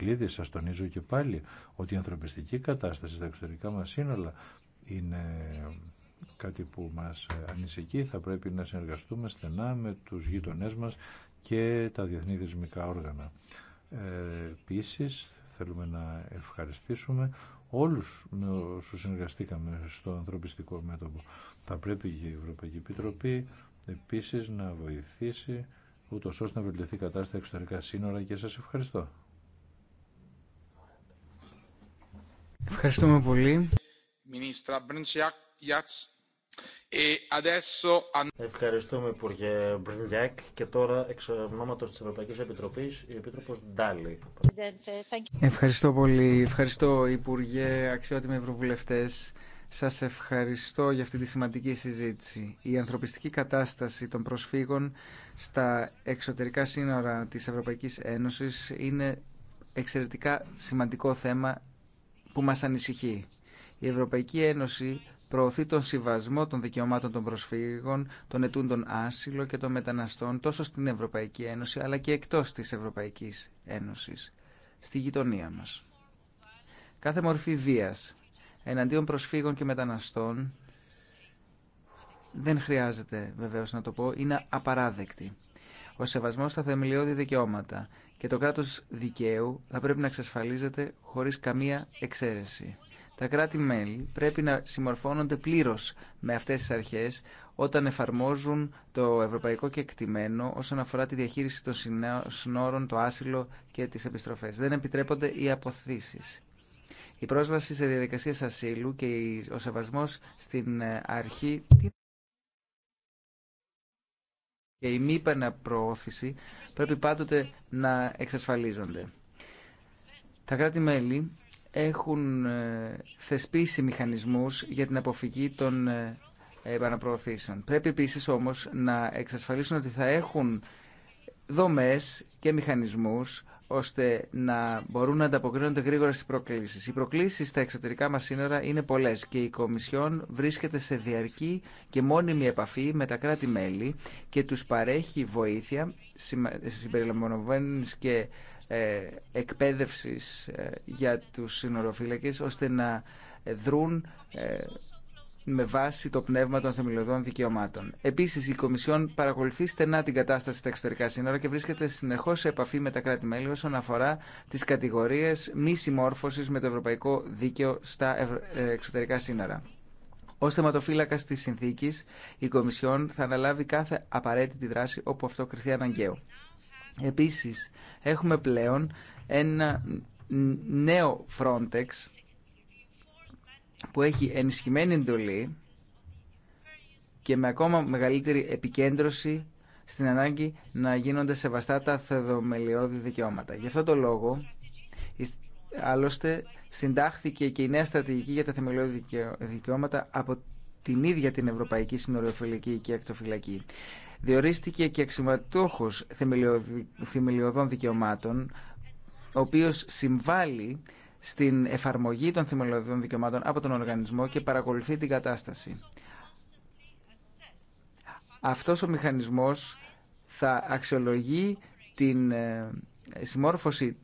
Ηρακλήδη, τονίζω και πάλι ότι η ανθρωπιστική κατάσταση στα εξωτερικά μα σύνολα είναι κάτι που μα ανησυχεί. Θα πρέπει να συνεργαστούμε στενά με τους γειτονέ μα και τα διεθνή δεσμικά όργανα. Ε, επίσης, θέλουμε να ευχαριστήσουμε όλους όσου συνεργαστήκαμε στο ανθρωπιστικό μέτωπο. Θα πρέπει και η Ευρωπαϊκή Επιτροπή επίσης να βοηθήσει ούτως ώστε να βελτιωθεί η κατάσταση εξωτερικά σύνορα και σας ευχαριστώ. Ευχαριστούμε πολύ. Ε, Ευχαριστούμε Υπουργέ και τώρα εξ ονόματο τη Ευρωπαϊκή Επιτροπή, η Επίτροπο Ντάλι. Ευχαριστώ πολύ. Ευχαριστώ Υπουργέ, αξιότιμοι Ευρωβουλευτέ. Σα ευχαριστώ για αυτή τη σημαντική συζήτηση. Η ανθρωπιστική κατάσταση των προσφύγων στα εξωτερικά σύνορα τη Ευρωπαϊκή Ένωση είναι εξαιρετικά σημαντικό θέμα που μας ανησυχεί. Η Ευρωπαϊκή Ένωση προωθεί τον συμβασμό των δικαιωμάτων των προσφύγων, των ετούντων άσυλο και των μεταναστών τόσο στην Ευρωπαϊκή Ένωση αλλά και εκτός της Ευρωπαϊκής Ένωσης, στη γειτονία μας. Κάθε μορφή βίας εναντίον προσφύγων και μεταναστών δεν χρειάζεται βεβαίως να το πω, είναι απαράδεκτη. Ο σεβασμός στα θεμελιώδη δικαιώματα και το κράτος δικαίου θα πρέπει να εξασφαλίζεται χωρίς καμία εξαίρεση. Τα κράτη-μέλη πρέπει να συμμορφώνονται πλήρως με αυτές τις αρχές όταν εφαρμόζουν το ευρωπαϊκό κεκτημένο όσον αφορά τη διαχείριση των συνόρων, το άσυλο και τις επιστροφές. Δεν επιτρέπονται οι αποθήσεις. Η πρόσβαση σε διαδικασίες ασύλου και ο σεβασμός στην ε, αρχή και η μη επαναπροώθηση πρέπει πάντοτε να εξασφαλίζονται. Τα κράτη-μέλη έχουν ε, θεσπίσει μηχανισμούς για την αποφυγή των ε, επαναπροωθήσεων. Πρέπει επίσης όμως να εξασφαλίσουν ότι θα έχουν δομές και μηχανισμούς ώστε να μπορούν να ανταποκρίνονται γρήγορα στις προκλήσεις. Οι προκλήσεις στα εξωτερικά μας σύνορα είναι πολλές και η Κομισιόν βρίσκεται σε διαρκή και μόνιμη επαφή με τα κράτη-μέλη και τους παρέχει βοήθεια συμπεριλαμβανομένης και ε, εκπαίδευσης ε, για τους σύνοροφύλακες ώστε να ε, δρούν ε, με βάση το πνεύμα των θεμελιωδών δικαιωμάτων. Επίση, η Κομισιόν παρακολουθεί στενά την κατάσταση στα εξωτερικά σύνορα και βρίσκεται συνεχώ σε επαφή με τα κράτη-μέλη όσον αφορά τι κατηγορίε μη συμμόρφωση με το ευρωπαϊκό δίκαιο στα ε, εξωτερικά σύνορα. Ω θεματοφύλακα τη συνθήκη, η Κομισιόν θα αναλάβει κάθε απαραίτητη δράση όπου αυτό κρυθεί αναγκαίο. Επίση, έχουμε πλέον ένα νέο Frontex που έχει ενισχυμένη εντολή και με ακόμα μεγαλύτερη επικέντρωση στην ανάγκη να γίνονται σεβαστά τα θεδομελιώδη δικαιώματα. Γι' αυτό το λόγο, άλλωστε, συντάχθηκε και η νέα στρατηγική για τα θεμελιώδη δικαιώματα από την ίδια την Ευρωπαϊκή Συνοριοφυλακή και Ακτοφυλακή. Διορίστηκε και αξιωματούχος θεμελιωδών δικαιωμάτων, ο οποίος συμβάλλει στην εφαρμογή των θυμολογικών δικαιωμάτων από τον οργανισμό και παρακολουθεί την κατάσταση. Αυτός ο μηχανισμός θα αξιολογεί την ε, συμμόρφωση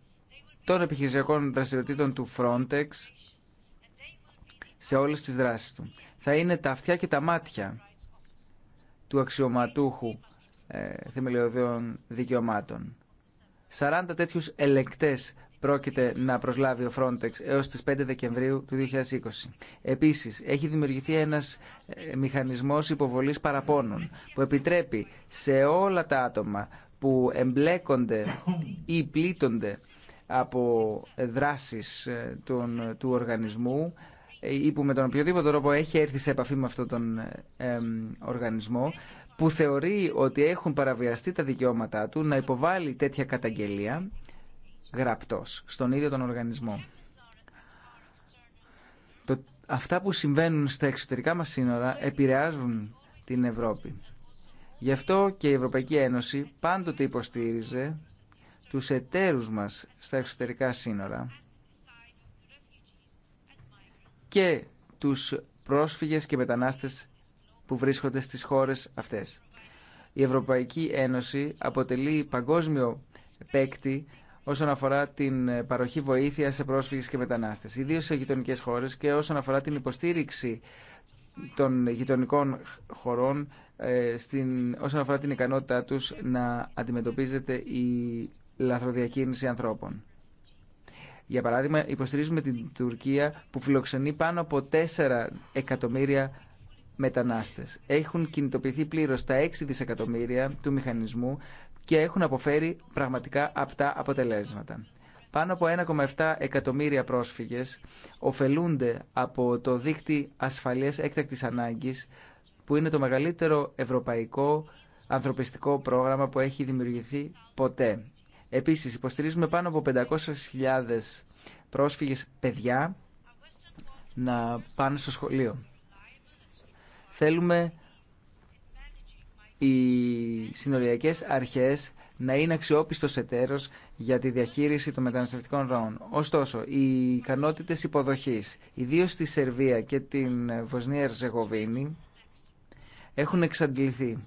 των επιχειρησιακών δραστηριοτήτων του Frontex σε όλες τις δράσεις του. Θα είναι τα αυτιά και τα μάτια του αξιωματούχου ε, δικαιωμάτων. 40 τέτοιους ελεκτές πρόκειται να προσλάβει ο Frontex έως τις 5 Δεκεμβρίου του 2020. Επίσης, έχει δημιουργηθεί ένας ε, μηχανισμός υποβολής παραπώνων που επιτρέπει σε όλα τα άτομα που εμπλέκονται ή πλήττονται από δράσεις ε, του οργανισμού ε, ή που με τον οποιοδήποτε τρόπο έχει έρθει σε επαφή με αυτόν τον οργανισμό που θεωρεί ότι έχουν παραβιαστεί τα δικαιώματά του να υποβάλει τέτοια καταγγελία γραπτός στον ίδιο τον οργανισμό. Το, αυτά που συμβαίνουν στα εξωτερικά μας σύνορα επηρεάζουν την Ευρώπη. Γι' αυτό και η Ευρωπαϊκή Ένωση πάντοτε υποστήριζε τους εταίρους μας στα εξωτερικά σύνορα και τους πρόσφυγες και μετανάστες που βρίσκονται στις χώρες αυτές. Η Ευρωπαϊκή Ένωση αποτελεί παγκόσμιο παίκτη όσον αφορά την ε, παροχή βοήθεια σε πρόσφυγες και μετανάστες, ιδίως σε γειτονικές χώρες και όσον αφορά την υποστήριξη των γειτονικών χωρών ε, στην, όσον αφορά την ικανότητά τους να αντιμετωπίζεται η λαθροδιακίνηση ανθρώπων. Για παράδειγμα, υποστηρίζουμε την Τουρκία που φιλοξενεί πάνω από 4 εκατομμύρια μετανάστες. Έχουν κινητοποιηθεί πλήρως τα 6 δισεκατομμύρια του μηχανισμού και έχουν αποφέρει πραγματικά απτά αποτελέσματα. Πάνω από 1,7 εκατομμύρια πρόσφυγες ωφελούνται από το Δίκτυο ασφαλείας έκτακτης ανάγκης που είναι το μεγαλύτερο ευρωπαϊκό ανθρωπιστικό πρόγραμμα που έχει δημιουργηθεί ποτέ. Επίσης υποστηρίζουμε πάνω από 500.000 πρόσφυγες παιδιά να πάνε στο σχολείο. Θέλουμε οι συνοριακές αρχές να είναι αξιόπιστο εταίρος για τη διαχείριση των μεταναστευτικών ροών. Ωστόσο, οι ικανότητε υποδοχής, ιδίω στη Σερβία και την Βοσνία-Ερζεγοβίνη, έχουν εξαντληθεί.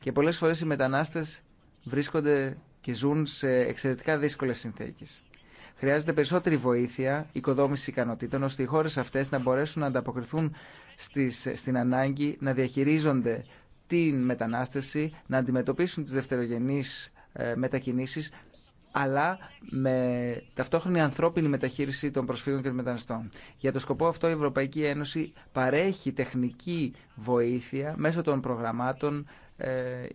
Και πολλές φορές οι μετανάστες βρίσκονται και ζουν σε εξαιρετικά δύσκολες συνθήκες. Χρειάζεται περισσότερη βοήθεια, οικοδόμηση ικανοτήτων, ώστε οι χώρε αυτέ να μπορέσουν να ανταποκριθούν στην ανάγκη να διαχειρίζονται την μετανάστευση, να αντιμετωπίσουν τις δευτερογενείς ε, μετακινήσεις, αλλά με ταυτόχρονη ανθρώπινη μεταχείριση των προσφύγων και των μεταναστών. Για το σκοπό αυτό η Ευρωπαϊκή Ένωση παρέχει τεχνική βοήθεια μέσω των προγραμμάτων ε,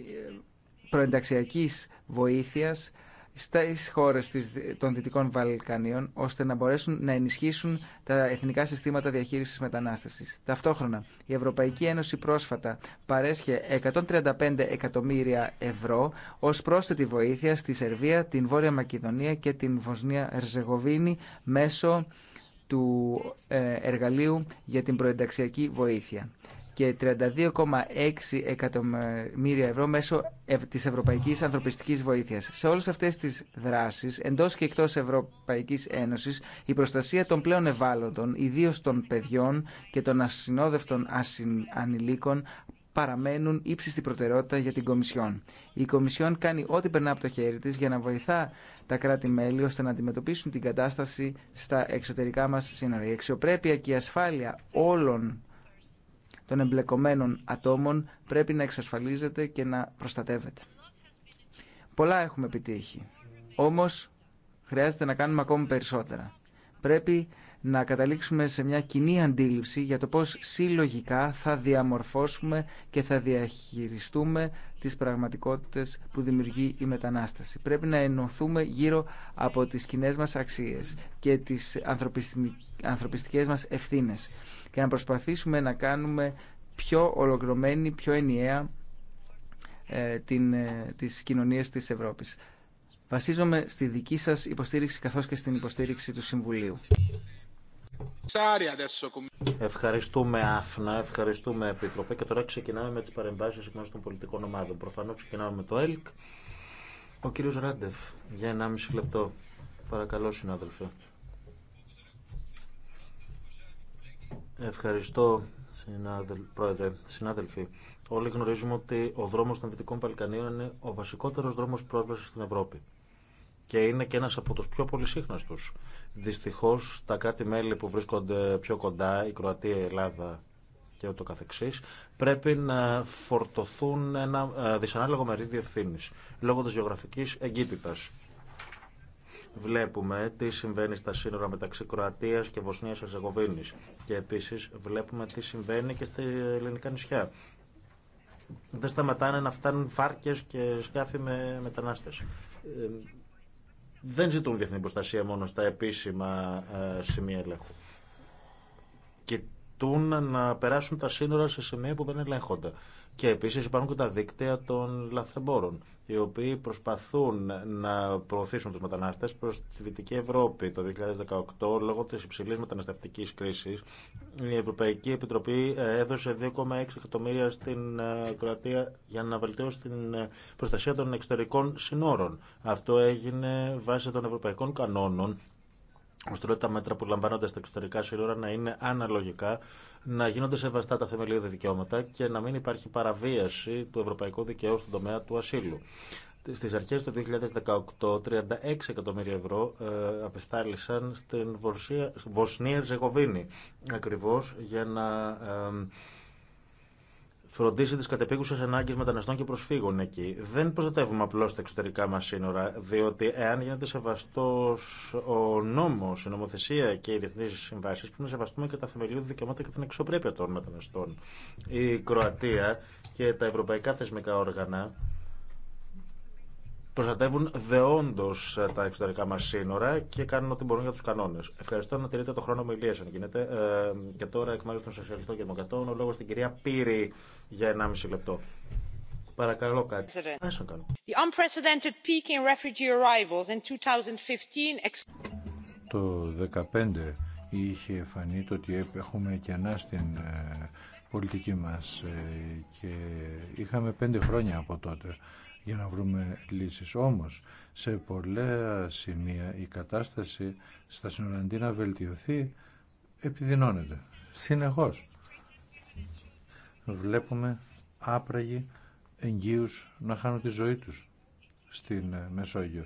προενταξιακής βοήθειας στις χώρες των Δυτικών Βαλκανίων ώστε να μπορέσουν να ενισχύσουν τα εθνικά συστήματα διαχείρισης μετανάστευσης. Ταυτόχρονα, η Ευρωπαϊκή Ένωση πρόσφατα παρέσχε 135 εκατομμύρια ευρώ ως πρόσθετη βοήθεια στη Σερβία, την Βόρεια Μακεδονία και την Βοσνία Ερζεγοβίνη μέσω του ε, εργαλείου για την προενταξιακή βοήθεια και 32,6 εκατομμύρια ευρώ μέσω τη Ευρωπαϊκή Ανθρωπιστική βοήθεια. Σε όλε αυτέ τι δράσει, εντό και εκτό Ευρωπαϊκή Ένωση, η προστασία των πλέον ευάλωτων, ιδίω των παιδιών και των ασυνόδευτων ανηλίκων, παραμένουν ύψιστη προτεραιότητα για την Κομισιόν. Η Κομισιόν κάνει ό,τι περνά από το χέρι της για να βοηθά τα κράτη-μέλη ώστε να αντιμετωπίσουν την κατάσταση στα εξωτερικά μας σύνορα. Η αξιοπρέπεια και η ασφάλεια όλων των εμπλεκομένων ατόμων πρέπει να εξασφαλίζεται και να προστατεύεται. Πολλά έχουμε επιτύχει. Όμως χρειάζεται να κάνουμε ακόμη περισσότερα. Πρέπει να καταλήξουμε σε μια κοινή αντίληψη για το πώς συλλογικά θα διαμορφώσουμε και θα διαχειριστούμε τις πραγματικότητες που δημιουργεί η μετανάσταση. Πρέπει να ενωθούμε γύρω από τις κοινέ μας αξίες και τις ανθρωπιστικές μας ευθύνες και να προσπαθήσουμε να κάνουμε πιο ολοκληρωμένη, πιο ενιαία ε, την, ε, τις κοινωνίες της Ευρώπης. Βασίζομαι στη δική σας υποστήριξη καθώς και στην υποστήριξη του Συμβουλίου. Ευχαριστούμε Άφνα, ευχαριστούμε Επίτροπε και τώρα ξεκινάμε με τις παρεμβάσεις εκ των πολιτικών ομάδων. Προφανώς ξεκινάμε με το ΕΛΚ. Ο κύριος Ράντεφ, για 1,5 λεπτό. Παρακαλώ συνάδελφε. Ευχαριστώ συνάδελ, πρόεδρε, συνάδελφοι. Όλοι γνωρίζουμε ότι ο δρόμος των Δυτικών Παλκανίων είναι ο βασικότερος δρόμος πρόσβασης στην Ευρώπη. Και είναι και ένας από τους πιο πολυσύχναστους. Δυστυχώ, τα κράτη-μέλη που βρίσκονται πιο κοντά, η Κροατία, η Ελλάδα και ούτω καθεξής, πρέπει να φορτωθούν ένα ε, δυσανάλογο μερίδιο ευθύνη λόγω τη γεωγραφικής εγκύτητας. Βλέπουμε τι συμβαίνει στα σύνορα μεταξύ Κροατίας και Βοσνίας Ερζεγοβίνης και επίσης βλέπουμε τι συμβαίνει και στα ελληνικά νησιά. Δεν σταματάνε να φτάνουν φάρκες και σκάφη με μετανάστες. Ε, δεν ζητούν διεθνή προστασία μόνο στα επίσημα ε, σημεία ελέγχου. Κοιτούν να περάσουν τα σύνορα σε σημεία που δεν ελέγχονται. Και επίσης υπάρχουν και τα δίκτυα των λαθρεμπόρων, οι οποίοι προσπαθούν να προωθήσουν τους μετανάστες προς τη Δυτική Ευρώπη το 2018 λόγω της υψηλής μεταναστευτικής κρίσης. Η Ευρωπαϊκή Επιτροπή ε, έδωσε 2,6 εκατομμύρια στην ε, Κροατία για να βελτιώσει την ε, προστασία των εξωτερικών συνόρων. Αυτό έγινε βάσει των ευρωπαϊκών κανόνων ώστε τα μέτρα που λαμβάνονται στα εξωτερικά σύνορα να είναι αναλογικά να γίνονται σεβαστά τα θεμελιώδη δικαιώματα και να μην υπάρχει παραβίαση του ευρωπαϊκού δικαίου στον τομέα του ασύλου. Στι αρχέ του 2018, 36 εκατομμύρια ευρώ ε, απεστάλησαν στην Βοσνία Ζεγοβίνη, ακριβώ για να ε, φροντίσει τι κατεπίγουσε ανάγκε μεταναστών και προσφύγων εκεί. Δεν προστατεύουμε απλώ τα εξωτερικά μα σύνορα, διότι εάν γίνεται σεβαστό ο νόμο, η νομοθεσία και οι διεθνεί συμβάσει, πρέπει να σεβαστούμε και τα θεμελιώδη δικαιώματα και την εξωπρέπεια των μεταναστών. Η Κροατία και τα ευρωπαϊκά θεσμικά όργανα προστατεύουν δεόντω τα εξωτερικά μα σύνορα και κάνουν ό,τι μπορούν για του κανόνε. Ευχαριστώ να τηρείτε το χρόνο ομιλία, αν γίνεται. Ε, και τώρα, εκ μέρου των Σοσιαλιστών και Δημοκρατών, ο λόγο στην κυρία Πύρη για 1,5 λεπτό. Παρακαλώ κάτι. unprecedented peak in refugee arrivals in 2015 το 2015 είχε φανεί το ότι έχουμε κενά στην ε, πολιτική μας ε, και είχαμε πέντε χρόνια από τότε για να βρούμε λύσεις. Όμως, σε πολλά σημεία η κατάσταση στα συνοραντή να βελτιωθεί, επιδεινώνεται. Συνεχώς. Βλέπουμε άπραγοι εγγύους να χάνουν τη ζωή τους στην ε, Μεσόγειο.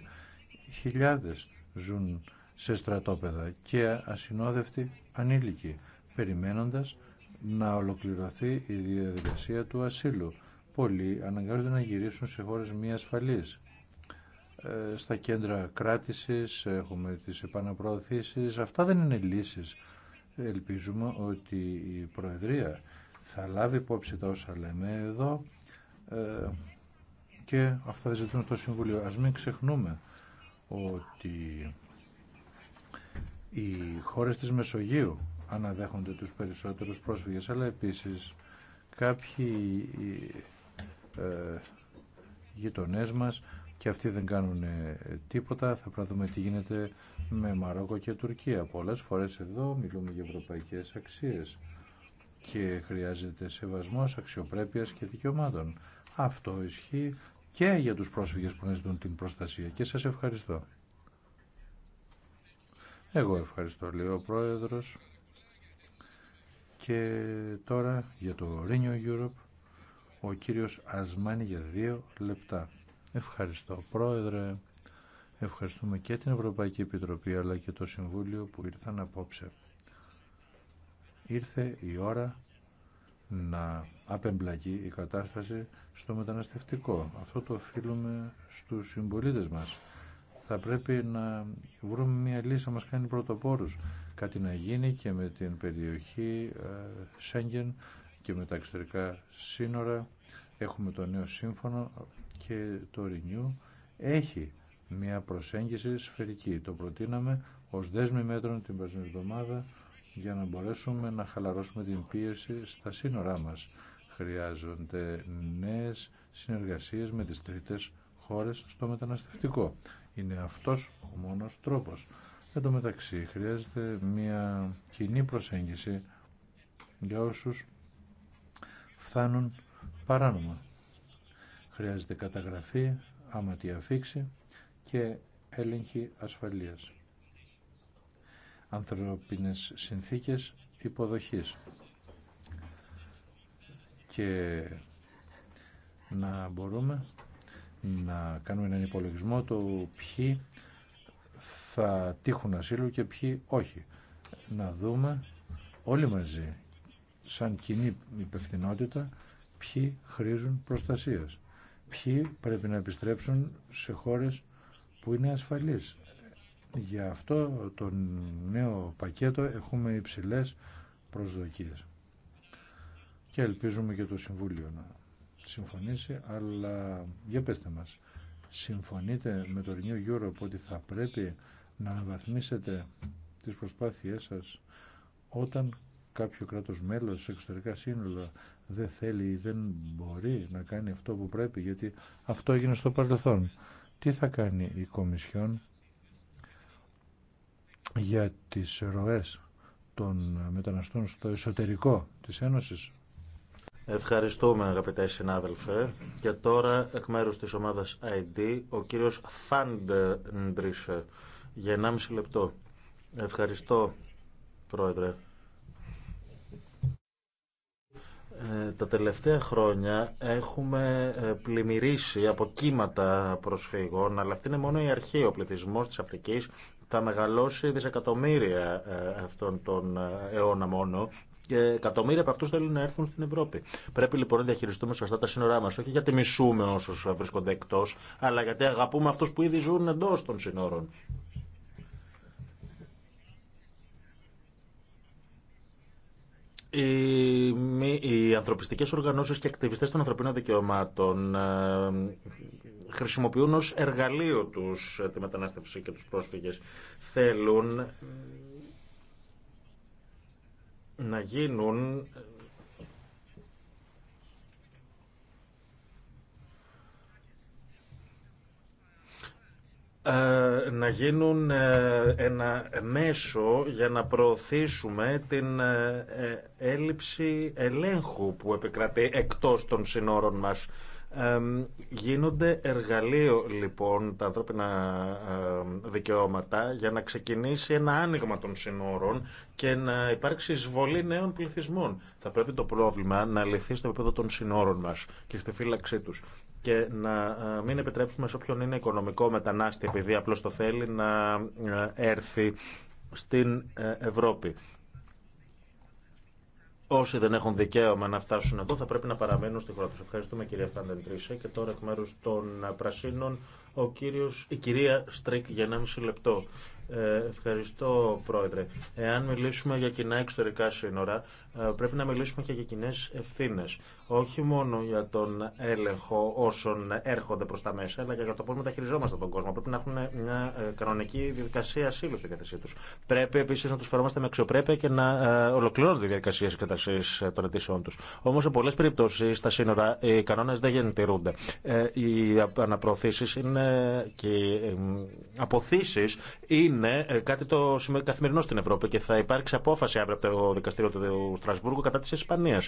Χιλιάδες ζουν σε στρατόπεδα και ασυνόδευτοι ανήλικοι, περιμένοντας να ολοκληρωθεί η διαδικασία του ασύλου πολλοί αναγκάζονται να γυρίσουν σε χώρες μη ασφαλείς. Ε, στα κέντρα κράτησης έχουμε τις επαναπροωθήσεις. Αυτά δεν είναι λύσεις. Ελπίζουμε ότι η Προεδρία θα λάβει υπόψη τα όσα λέμε εδώ ε, και αυτά θα ζητούν στο Συμβουλίο. Ας μην ξεχνούμε ότι οι χώρες της Μεσογείου αναδέχονται τους περισσότερους πρόσφυγες, αλλά επίσης κάποιοι ε, ε, γειτονές μας και αυτοί δεν κάνουν ε, τίποτα. Θα πρέπει τι γίνεται με Μαρόκο και Τουρκία. Πολλές φορές εδώ μιλούμε για ευρωπαϊκές αξίες και χρειάζεται σεβασμός αξιοπρέπειας και δικαιωμάτων. Αυτό ισχύει και για τους πρόσφυγες που ζητούν την προστασία και σας ευχαριστώ. Εγώ ευχαριστώ λέει ο Πρόεδρος και τώρα για το Renew Europe ο κύριος Ασμάνη για δύο λεπτά. Ευχαριστώ πρόεδρε, ευχαριστούμε και την Ευρωπαϊκή Επιτροπή αλλά και το Συμβούλιο που ήρθαν απόψε. Ήρθε η ώρα να απεμπλακεί η κατάσταση στο μεταναστευτικό. Αυτό το οφείλουμε στους συμπολίτε μας. Θα πρέπει να βρούμε μια λύση να μας κάνει πρωτοπόρους. Κάτι να γίνει και με την περιοχή ε, Σέγγεν και με τα εξωτερικά σύνορα. Έχουμε το νέο σύμφωνο και το Renew έχει μια προσέγγιση σφαιρική. Το προτείναμε ως δέσμη μέτρων την περσμένη εβδομάδα για να μπορέσουμε να χαλαρώσουμε την πίεση στα σύνορά μας. Χρειάζονται νέες συνεργασίες με τις τρίτες χώρες στο μεταναστευτικό. Είναι αυτός ο μόνος τρόπος. Εν τω μεταξύ χρειάζεται μια κοινή προσέγγιση για όσους φτάνουν παράνομα. Χρειάζεται καταγραφή, άματη αφήξη και έλεγχη ασφαλείας. Ανθρωπίνες συνθήκες υποδοχής και να μπορούμε να κάνουμε έναν υπολογισμό το ποιοι θα τύχουν ασύλου και ποιοι όχι. Να δούμε όλοι μαζί σαν κοινή υπευθυνότητα ποιοι χρήζουν προστασίας, ποιοι πρέπει να επιστρέψουν σε χώρες που είναι ασφαλείς. Για αυτό το νέο πακέτο έχουμε υψηλές προσδοκίες. Και ελπίζουμε και το Συμβούλιο να συμφωνήσει, αλλά για πέστε μας, συμφωνείτε με το Renew Europe ότι θα πρέπει να αναβαθμίσετε τις προσπάθειές σας όταν κάποιο κράτος μέλος εξωτερικά σύνολα δεν θέλει ή δεν μπορεί να κάνει αυτό που πρέπει γιατί αυτό έγινε στο παρελθόν. Τι θα κάνει η Κομισιόν για τις ροές των μεταναστών στο εσωτερικό της Ένωσης. Ευχαριστούμε αγαπητέ συνάδελφε. Και τώρα εκ μέρους της ομάδας ID ο κύριος Φάντεντρισε για 1,5 λεπτό. Ευχαριστώ πρόεδρε. Ε, τα τελευταία χρόνια έχουμε ε, πλημμυρίσει από κύματα προσφύγων, αλλά αυτή είναι μόνο η αρχή. Ο πληθυσμό τη Αφρική θα μεγαλώσει δισεκατομμύρια ε, αυτών τον αιώνα μόνο και εκατομμύρια από αυτού θέλουν να έρθουν στην Ευρώπη. Πρέπει λοιπόν να διαχειριστούμε σωστά τα σύνορά μα. Όχι γιατί μισούμε όσου βρίσκονται εκτό, αλλά γιατί αγαπούμε αυτού που ήδη ζουν εντό των σύνορων. Οι, οι ανθρωπιστικές οργανώσεις και ακτιβιστές των ανθρωπίνων δικαιωμάτων ε, χρησιμοποιούν ως εργαλείο τους ε, τη μετανάστευση και τους πρόσφυγες. Θέλουν να γίνουν Ε, να γίνουν ε, ένα μέσο για να προωθήσουμε την ε, έλλειψη ελέγχου που επικρατεί εκτός των συνόρων μας. Γίνονται εργαλείο λοιπόν τα ανθρώπινα δικαιώματα για να ξεκινήσει ένα άνοιγμα των συνόρων και να υπάρξει εισβολή νέων πληθυσμών. Θα πρέπει το πρόβλημα να λυθεί στο επίπεδο των συνόρων μας και στη φύλαξή τους και να ε, μην επιτρέψουμε σε όποιον είναι οικονομικό μετανάστη επειδή απλώς το θέλει να ε, έρθει στην ε, Ευρώπη. Όσοι δεν έχουν δικαίωμα να φτάσουν εδώ θα πρέπει να παραμένουν στη χώρα τους. Ευχαριστούμε κυρία Φαντεντρίσε και τώρα εκ μέρους των Πρασίνων ο κύριος, η κυρία Στρίκ για μισή λεπτό. Ευχαριστώ, Πρόεδρε. Εάν μιλήσουμε για κοινά εξωτερικά σύνορα, πρέπει να μιλήσουμε και για κοινέ ευθύνε όχι μόνο για τον έλεγχο όσων έρχονται προ τα μέσα, αλλά και για το πώ μεταχειριζόμαστε τον κόσμο. Πρέπει να έχουν μια ε, κανονική διαδικασία ασύλου στη διάθεσή του. Πρέπει επίση να του φερόμαστε με αξιοπρέπεια και να ε, ολοκληρώνονται οι διαδικασίε καταξής ε, των αιτήσεών του. Όμω σε πολλέ περιπτώσει στα σύνορα οι κανόνε δεν γεννητηρούνται. Οι αναπροωθήσεις είναι και οι αποθήσει είναι κάτι το καθημερινό στην Ευρώπη και θα υπάρξει απόφαση αύριο από το δικαστήριο του Στρασβούργου κατά τη Ισπανία.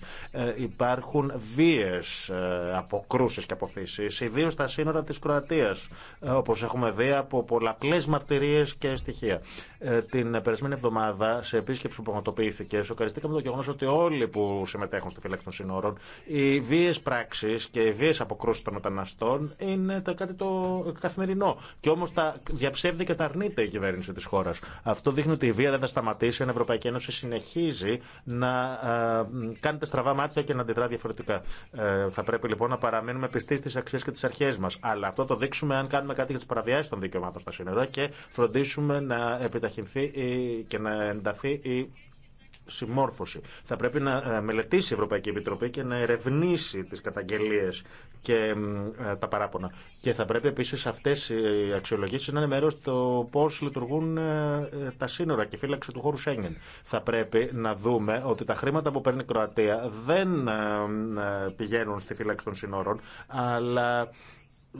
Υπάρχουν βίες ε, αποκρούσει και αποθήσει, ιδίω στα σύνορα τη Κροατία, ε, όπω έχουμε δει από πολλαπλέ μαρτυρίε και στοιχεία. Ε, την περασμένη εβδομάδα, σε επίσκεψη που πραγματοποιήθηκε, σοκαριστήκαμε το γεγονό ότι όλοι που συμμετέχουν στη φυλακή των σύνορων, οι βίε πράξει και οι βίε αποκρούσει των μεταναστών είναι κάτι το καθημερινό. Και όμω τα διαψεύδει και τα αρνείται η κυβέρνηση τη χώρα. Αυτό δείχνει ότι η βία δεν θα σταματήσει, αν η Ευρωπαϊκή Ένωση συνεχίζει να κάνει στραβά μάτια και να αντιδρά διαφορετικά. Ε, θα πρέπει λοιπόν να παραμείνουμε πιστοί στι αξίε και τι αρχέ μα. Αλλά αυτό το δείξουμε αν κάνουμε κάτι για τι παραβιάσει των δικαιωμάτων στα σύνορα και φροντίσουμε να επιταχυνθεί και να ενταθεί η συμμόρφωση. Θα πρέπει να ε, μελετήσει η Ευρωπαϊκή Επιτροπή και να ερευνήσει τι καταγγελίε και ε, τα παράπονα. Και θα πρέπει επίσης αυτές οι αξιολογήσεις να είναι μέρος το πώς λειτουργούν ε, ε, τα σύνορα και φύλαξη του χώρου Σέγγεν. Θα πρέπει να δούμε ότι τα χρήματα που παίρνει η Κροατία δεν πηγαίνουν στη φύλαξη των σύνορων, αλλά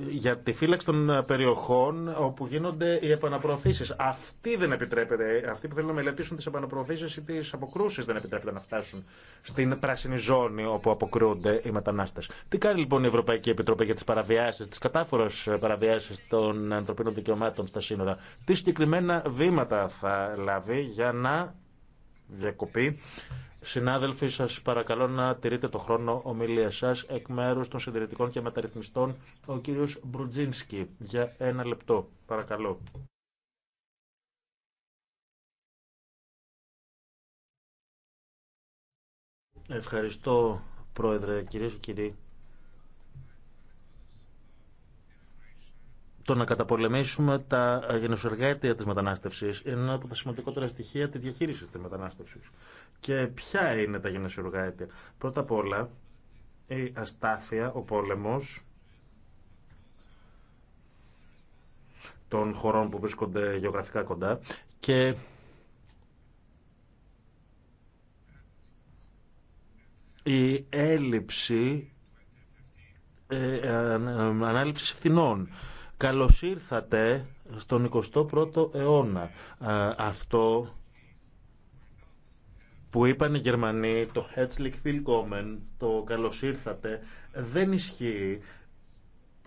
για τη φύλαξη των ε, περιοχών όπου γίνονται οι επαναπροωθήσεις. αυτή δεν επιτρέπεται, αυτοί που θέλουν να μελετήσουν τις επαναπροωθήσεις ή τις αποκρούσεις δεν επιτρέπεται να φτάσουν στην πράσινη ζώνη όπου αποκρούνται οι μετανάστες. Τι κάνει λοιπόν η Ευρωπαϊκή Επιτροπή για τις παραβιάσεις, τις κατάφορες ε, παραβιάσεις των ανθρωπίνων δικαιωμάτων στα σύνορα. Τι συγκεκριμένα βήματα θα λάβει για να διακοπεί Συνάδελφοι, σα παρακαλώ να τηρείτε το χρόνο ομιλία σα. Εκ μέρου των συντηρητικών και μεταρρυθμιστών, ο κύριο Μπρουτζίνσκι. Για ένα λεπτό, παρακαλώ. Ευχαριστώ, Πρόεδρε, κυρίε και κύριοι. Το να καταπολεμήσουμε τα γενεσιουργά της τη μετανάστευση είναι ένα από τα σημαντικότερα στοιχεία τη διαχείριση τη μετανάστευση. Και ποια είναι τα γενεσιουργά αίτια. Πρώτα απ' όλα, η αστάθεια, ο πόλεμος των χωρών που βρίσκονται γεωγραφικά κοντά και η έλλειψη ε, ε ανάληψης ευθυνών. Καλώς ήρθατε στον 21ο αιώνα. αυτό που είπαν οι Γερμανοί, το Herzlich Willkommen, το καλώ ήρθατε, δεν ισχύει.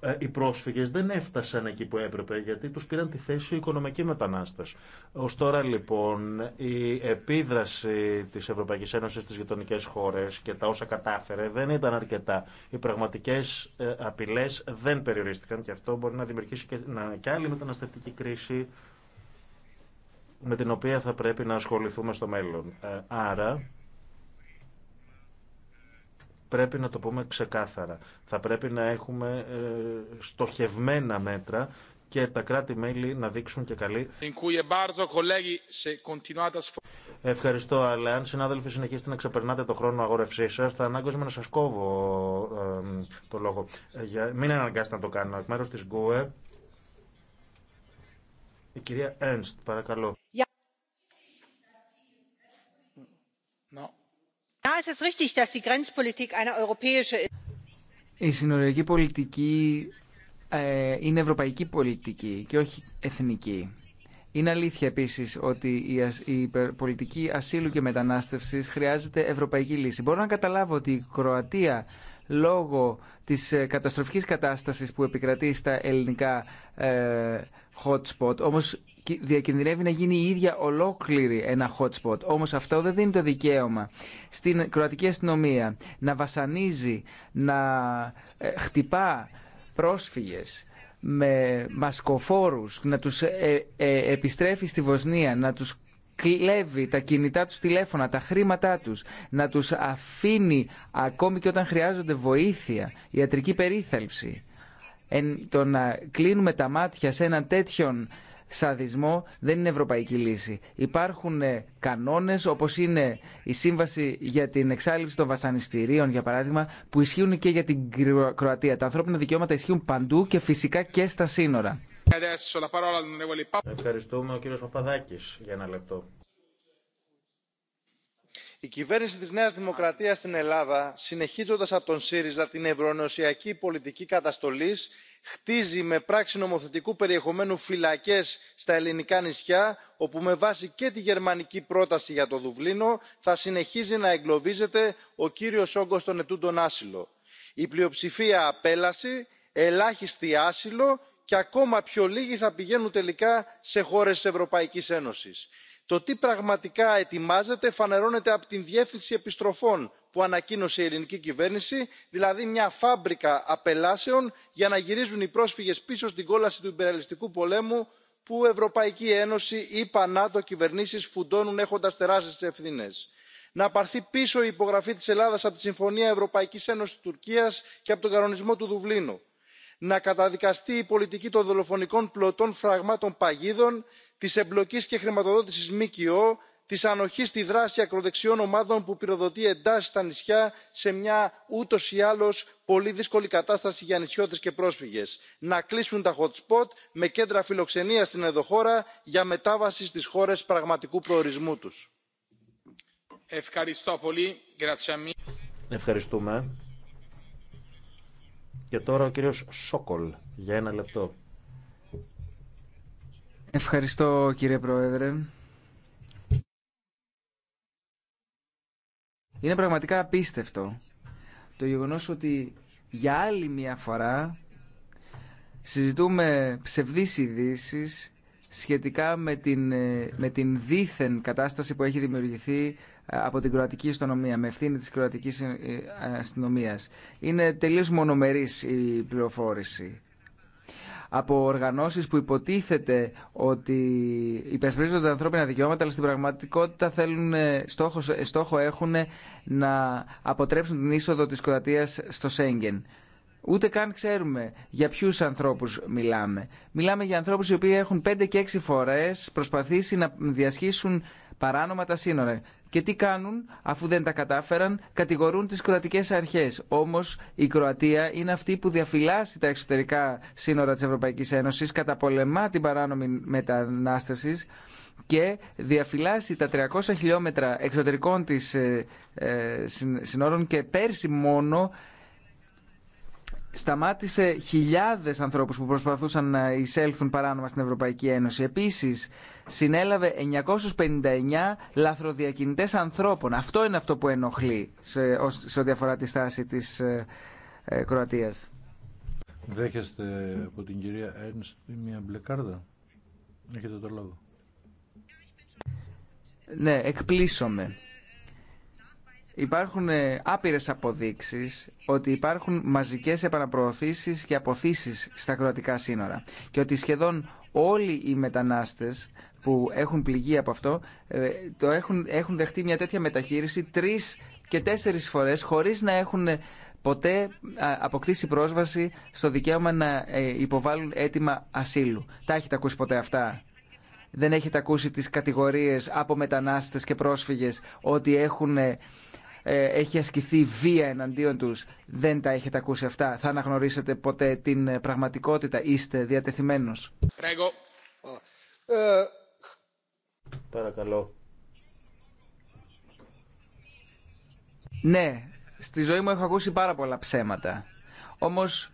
Ε, οι πρόσφυγε δεν έφτασαν εκεί που έπρεπε γιατί του πήραν τη θέση οι οικονομικοί μετανάστες. Ω τώρα λοιπόν η επίδραση τη Ευρωπαϊκή Ένωση στι γειτονικέ χώρε και τα όσα κατάφερε δεν ήταν αρκετά. Οι πραγματικές ε, απειλέ δεν περιορίστηκαν και αυτό μπορεί να δημιουργήσει να, και άλλη μεταναστευτική κρίση με την οποία θα πρέπει να ασχοληθούμε στο μέλλον. Ε, άρα, πρέπει να το πούμε ξεκάθαρα. Θα πρέπει να έχουμε ε, στοχευμένα μέτρα και τα κράτη-μέλη να δείξουν και καλή. Ευχαριστώ, αλλά αν συνάδελφοι συνεχίσετε να ξεπερνάτε το χρόνο αγόρευσή σα, θα ανάγκωσουμε να σα κόβω ε, το λόγο. Για, μην αναγκάσετε να το κάνω. Εκ μέρου τη ΓΚΟΕ, η κυρία παρακαλώ. Η συνοριακή πολιτική ε, είναι ευρωπαϊκή πολιτική και όχι εθνική. Είναι αλήθεια επίση ότι η πολιτική ασύλου και μετανάστευση χρειάζεται ευρωπαϊκή λύση. Μπορώ να καταλάβω ότι η Κροατία λόγω της ε, καταστροφικής κατάστασης που επικρατεί στα ελληνικά ε, hot spot, όμως διακινδυνεύει να γίνει η ίδια ολόκληρη ένα hot spot. Όμως αυτό δεν δίνει το δικαίωμα στην κροατική αστυνομία να βασανίζει, να ε, χτυπά πρόσφυγες με μασκοφόρους, να τους επιστρέφει στη Βοσνία, να τους κλέβει τα κινητά τους τηλέφωνα, τα χρήματά τους, να τους αφήνει ακόμη και όταν χρειάζονται βοήθεια, ιατρική περίθαλψη. Εν, το να κλείνουμε τα μάτια σε έναν τέτοιον σαδισμό δεν είναι ευρωπαϊκή λύση. Υπάρχουν ε, κανόνες όπως είναι η Σύμβαση για την Εξάλληψη των Βασανιστήριων για παράδειγμα που ισχύουν και για την Κροατία. Τα ανθρώπινα δικαιώματα ισχύουν παντού και φυσικά και στα σύνορα. Ευχαριστούμε ο κύριος Παπαδάκης για ένα λεπτό. Η κυβέρνηση της Νέας Δημοκρατίας στην Ελλάδα, συνεχίζοντας από τον ΣΥΡΙΖΑ την ευρωενωσιακή πολιτική καταστολής, χτίζει με πράξη νομοθετικού περιεχομένου φυλακές στα ελληνικά νησιά, όπου με βάση και τη γερμανική πρόταση για το Δουβλίνο θα συνεχίζει να εγκλωβίζεται ο κύριος όγκος των ετούντων άσυλο. Η πλειοψηφία απέλαση, ελάχιστη άσυλο και ακόμα πιο λίγοι θα πηγαίνουν τελικά σε χώρες της ευρωπαϊκής ένωσης. το τι πραγματικά ετοιμάζεται φανερώνεται από την διεύθυνση επιστροφών που ανακοίνωσε η ελληνική κυβέρνηση δηλαδή μια φάμπρικα απελάσεων για να γυρίζουν οι πρόσφυγες πίσω στην κόλαση του υπεραλιστικού πολέμου που ευρωπαϊκή ένωση ηπα νατο κυβερνήσεις φουντώνουν έχοντας τεράστιες ευθύνες να πάρθει πίσω η υπογραφή της ελλάδας από τη συμφωνία ευρωπαϊκής ένωσης τουρκίας και από τον κανονισμό του δουβλίνου να καταδικαστεί η πολιτική των δολοφονικών πλωτών φραγμάτων παγίδων της εμπλοκής και χρηματοδότησης ΜΚΟ, της ανοχής στη δράση ακροδεξιών ομάδων που πυροδοτεί εντάσεις στα νησιά σε μια ούτως ή άλλως πολύ δύσκολη κατάσταση για νησιώτες και πρόσφυγες να κλείσουν τα hot spot με κέντρα φιλοξενίας στην ενδοχώρα για μετάβαση στις χώρες πραγματικού προορισμού τους. Και τώρα ο κύριος Σόκολ για ένα λεπτό. Ευχαριστώ κύριε Πρόεδρε. Είναι πραγματικά απίστευτο το γεγονός ότι για άλλη μια φορά συζητούμε ψευδείς ειδήσει σχετικά με την, ε, με την δίθεν κατάσταση που έχει δημιουργηθεί ε, από την κροατική αστυνομία, με ευθύνη της κροατικής ε, αστυνομία. Είναι τελείως μονομερής η πληροφόρηση. Από οργανώσεις που υποτίθεται ότι υπεσπρίζονται τα ανθρώπινα δικαιώματα, αλλά στην πραγματικότητα θέλουν, ε, στόχο, στόχο έχουν να αποτρέψουν την είσοδο της Κροατίας στο Σέγγεν. Ούτε καν ξέρουμε για ποιου ανθρώπου μιλάμε. Μιλάμε για ανθρώπου οι οποίοι έχουν πέντε και 6 φορέ προσπαθήσει να διασχίσουν παράνομα τα σύνορα και τι κάνουν αφού δεν τα κατάφεραν, κατηγορούν τις κροατικές αρχές. Όμως η Κροατία είναι αυτή που διαφυλάσσει τα εξωτερικά σύνορα της Ευρωπαϊκής Ένωσης, καταπολεμά την παράνομη μετανάστευση και διαφυλάσσει τα 300 χιλιόμετρα εξωτερικών της ε, ε, συνόρων και πέρσι μόνο σταμάτησε χιλιάδε ανθρώπου που προσπαθούσαν να εισέλθουν παράνομα στην Ευρωπαϊκή Ένωση. Επίση, συνέλαβε 959 λαθροδιακινητέ ανθρώπων. Αυτό είναι αυτό που ενοχλεί σε, σε ό,τι αφορά τη στάση τη ε, ε, Κροατίας. Δέχεστε από την κυρία Έρνστ μια μπλε κάρτα. Έχετε το λόγο. Ναι, εκπλήσωμε υπάρχουν ε, άπειρες αποδείξεις ότι υπάρχουν μαζικές επαναπροωθήσεις και αποθήσεις στα κροατικά σύνορα και ότι σχεδόν όλοι οι μετανάστες που έχουν πληγεί από αυτό ε, το έχουν, έχουν δεχτεί μια τέτοια μεταχείριση τρεις και τέσσερις φορές χωρίς να έχουν ε, ποτέ αποκτήσει πρόσβαση στο δικαίωμα να υποβάλουν αίτημα ασύλου. Τα έχετε ακούσει ποτέ αυτά. Δεν έχετε ακούσει τις κατηγορίες από μετανάστες και πρόσφυγες ότι έχουν ε, έχει ασκηθεί βία εναντίον του. Δεν τα έχετε ακούσει αυτά. Θα αναγνωρίσετε ποτέ την ε, πραγματικότητα. Είστε διατεθειμένος. Ε, Παρακαλώ. Ναι, στη ζωή μου έχω ακούσει πάρα πολλά ψέματα. Όμως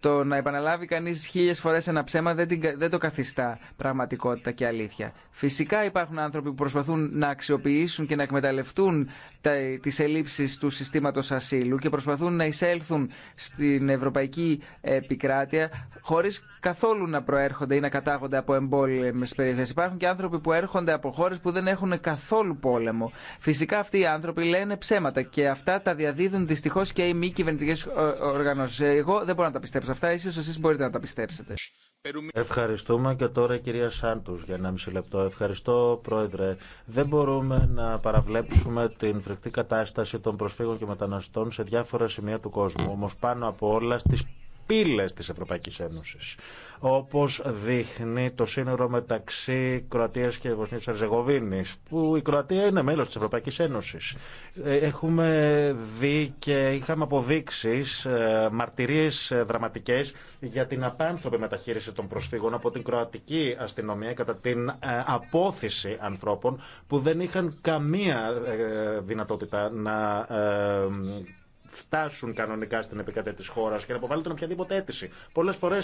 το να επαναλάβει κανεί χίλιε φορέ ένα ψέμα δεν, δεν το καθιστά πραγματικότητα και αλήθεια. Φυσικά υπάρχουν άνθρωποι που προσπαθούν να αξιοποιήσουν και να εκμεταλλευτούν τι τις του συστήματο ασύλου και προσπαθούν να εισέλθουν στην ευρωπαϊκή επικράτεια χωρί καθόλου να προέρχονται ή να κατάγονται από εμπόλεμε περιοχέ. Υπάρχουν και άνθρωποι που έρχονται από χώρε που δεν έχουν καθόλου πόλεμο. Φυσικά αυτοί οι άνθρωποι λένε ψέματα και αυτά τα διαδίδουν δυστυχώ και οι μη κυβερνητικέ ε, οργανώσει. Εγώ δεν μπορώ να τα πιστέψω Αυτά ίσως εσείς μπορείτε να τα πιστέψετε. Ευχαριστούμε και τώρα κυρία Σάντους για ένα μισή λεπτό. Ευχαριστώ πρόεδρε. Δεν μπορούμε να παραβλέψουμε την φρικτή κατάσταση των προσφύγων και μεταναστών σε διάφορα σημεία του κόσμου. Όμως πάνω από όλα στις πύλες της Ευρωπαϊκής Ένωσης. Όπως δείχνει το σύνορο μεταξύ Κροατίας και Βοσνία Αρζεγοβίνης, που η Κροατία είναι μέλος της Ευρωπαϊκής Ένωσης. Ε, έχουμε δει και είχαμε αποδείξεις, ε, μαρτυρίες ε, δραματικές για την απάνθρωπη μεταχείριση των προσφύγων από την Κροατική αστυνομία κατά την απόθυση ανθρώπων που δεν είχαν καμία δυνατότητα να φτάσουν κανονικά στην επικρατεία τη χώρα και να αποβάλουν οποιαδήποτε αίτηση. Πολλέ φορέ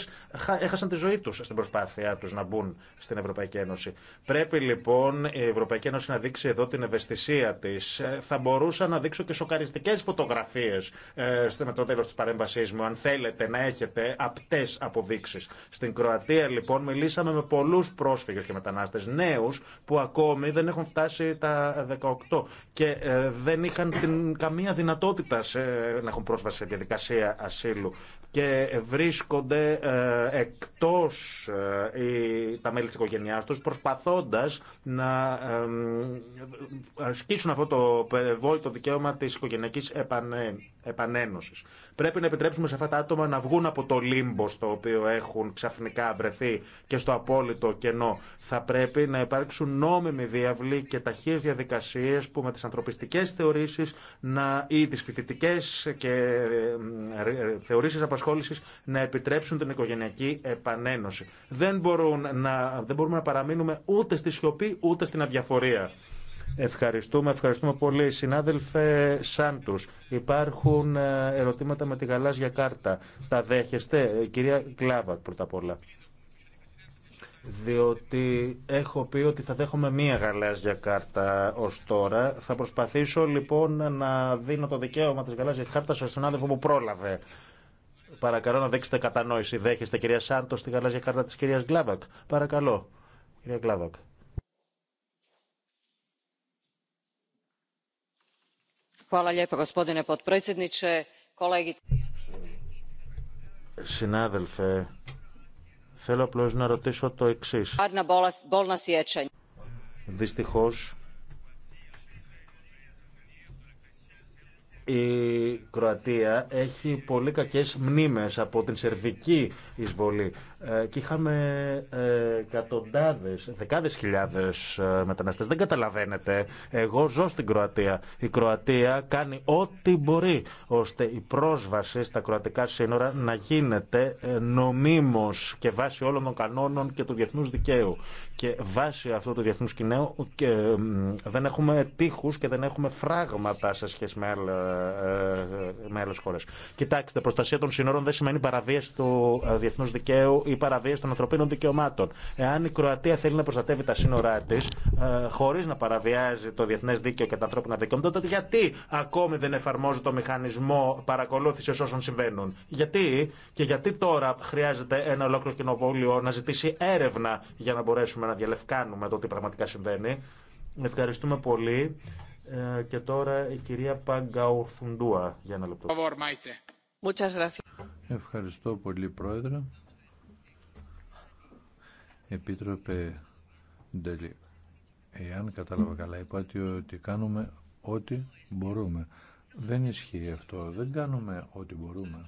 έχασαν τη ζωή του στην προσπάθειά του να μπουν στην Ευρωπαϊκή Ένωση. Πρέπει λοιπόν η Ευρωπαϊκή Ένωση να δείξει εδώ την ευαισθησία τη. Ε, θα μπορούσα να δείξω και σοκαριστικέ φωτογραφίε ε, με το τέλο τη παρέμβασή μου, αν θέλετε να έχετε απτέ αποδείξει. Στην Κροατία λοιπόν μιλήσαμε με πολλού πρόσφυγε και μετανάστε, νέου που ακόμη δεν έχουν φτάσει τα 18 και ε, δεν είχαν την, καμία δυνατότητα να έχουν πρόσβαση σε διαδικασία ασύλου και βρίσκονται ε, εκτός ε, τα μέλη της οικογένειάς τους προσπαθώντας να ε, ασκήσουν αυτό το περιβόητο δικαίωμα της οικογενειακής επανένωσης. Πρέπει να επιτρέψουμε σε αυτά τα άτομα να βγουν από το λίμπο στο οποίο έχουν ξαφνικά βρεθεί και στο απόλυτο κενό. Θα πρέπει να υπάρξουν νόμιμοι διάβλοι και ταχείες διαδικασίες που με τις ανθρωπιστικές θεωρήσεις να, ή τις φοιτητικές και θεωρήσεις να επιτρέψουν την οικογενειακή επανένωση. Δεν, μπορούν να, δεν μπορούμε να παραμείνουμε ούτε στη σιωπή ούτε στην αδιαφορία. Ευχαριστούμε, ευχαριστούμε πολύ. Συνάδελφε Σάντου, υπάρχουν ε, ερωτήματα με τη γαλάζια κάρτα. Τα δέχεστε, ε, κυρία Κλάβα, πρώτα απ' όλα. Διότι έχω πει ότι θα δέχομαι μία γαλάζια κάρτα ω τώρα. Θα προσπαθήσω λοιπόν να δίνω το δικαίωμα τη γαλάζια κάρτα στον συνάδελφο που πρόλαβε Παρακαλώ να δείξετε κατανόηση. Δέχεστε κυρία Σάντο τη γαλάζια κάρτα τη κυρία Γκλάβακ. Παρακαλώ. Κυρία Γκλάβακ. Συνάδελφε, θέλω απλώ να ρωτήσω το εξή. Δυστυχώ, Η Κροατία έχει πολύ κακές μνήμες από την σερβική εισβολή ε, και είχαμε ε, εκατοντάδε, δεκάδε χιλιάδε μεταναστέ. Δεν καταλαβαίνετε. Εγώ ζω στην Κροατία. Η Κροατία κάνει ό,τι μπορεί ώστε η πρόσβαση στα κροατικά σύνορα να γίνεται ε, νομίμω και βάσει όλων των κανόνων και του διεθνού δικαίου. Και βάσει αυτού του διεθνού κοινέου δεν έχουμε τείχου και δεν έχουμε φράγματα σε σχέση με, με άλλε χώρε. Κοιτάξτε, προστασία των σύνορων δεν σημαίνει παραβίαση του διεθνού δικαίου οι παραβίαση των ανθρωπίνων δικαιωμάτων. Εάν η Κροατία θέλει να προστατεύει τα σύνορά τη, ε, χωρί να παραβιάζει το διεθνέ δίκαιο και τα ανθρώπινα δικαιώματα, τότε γιατί ακόμη δεν εφαρμόζει το μηχανισμό παρακολούθηση όσων συμβαίνουν. Γιατί και γιατί τώρα χρειάζεται ένα ολόκληρο κοινοβούλιο να ζητήσει έρευνα για να μπορέσουμε να διαλευκάνουμε το τι πραγματικά συμβαίνει. Ευχαριστούμε πολύ. Ε, και τώρα η κυρία Παγκαουρφουντούα για ένα λεπτό. Ευχαριστώ πολύ, Πρόεδρε. Επίτροπε Ντελή, εάν κατάλαβα καλά, είπατε ότι κάνουμε ό,τι μπορούμε. Δεν ισχύει αυτό. Δεν κάνουμε ό,τι μπορούμε.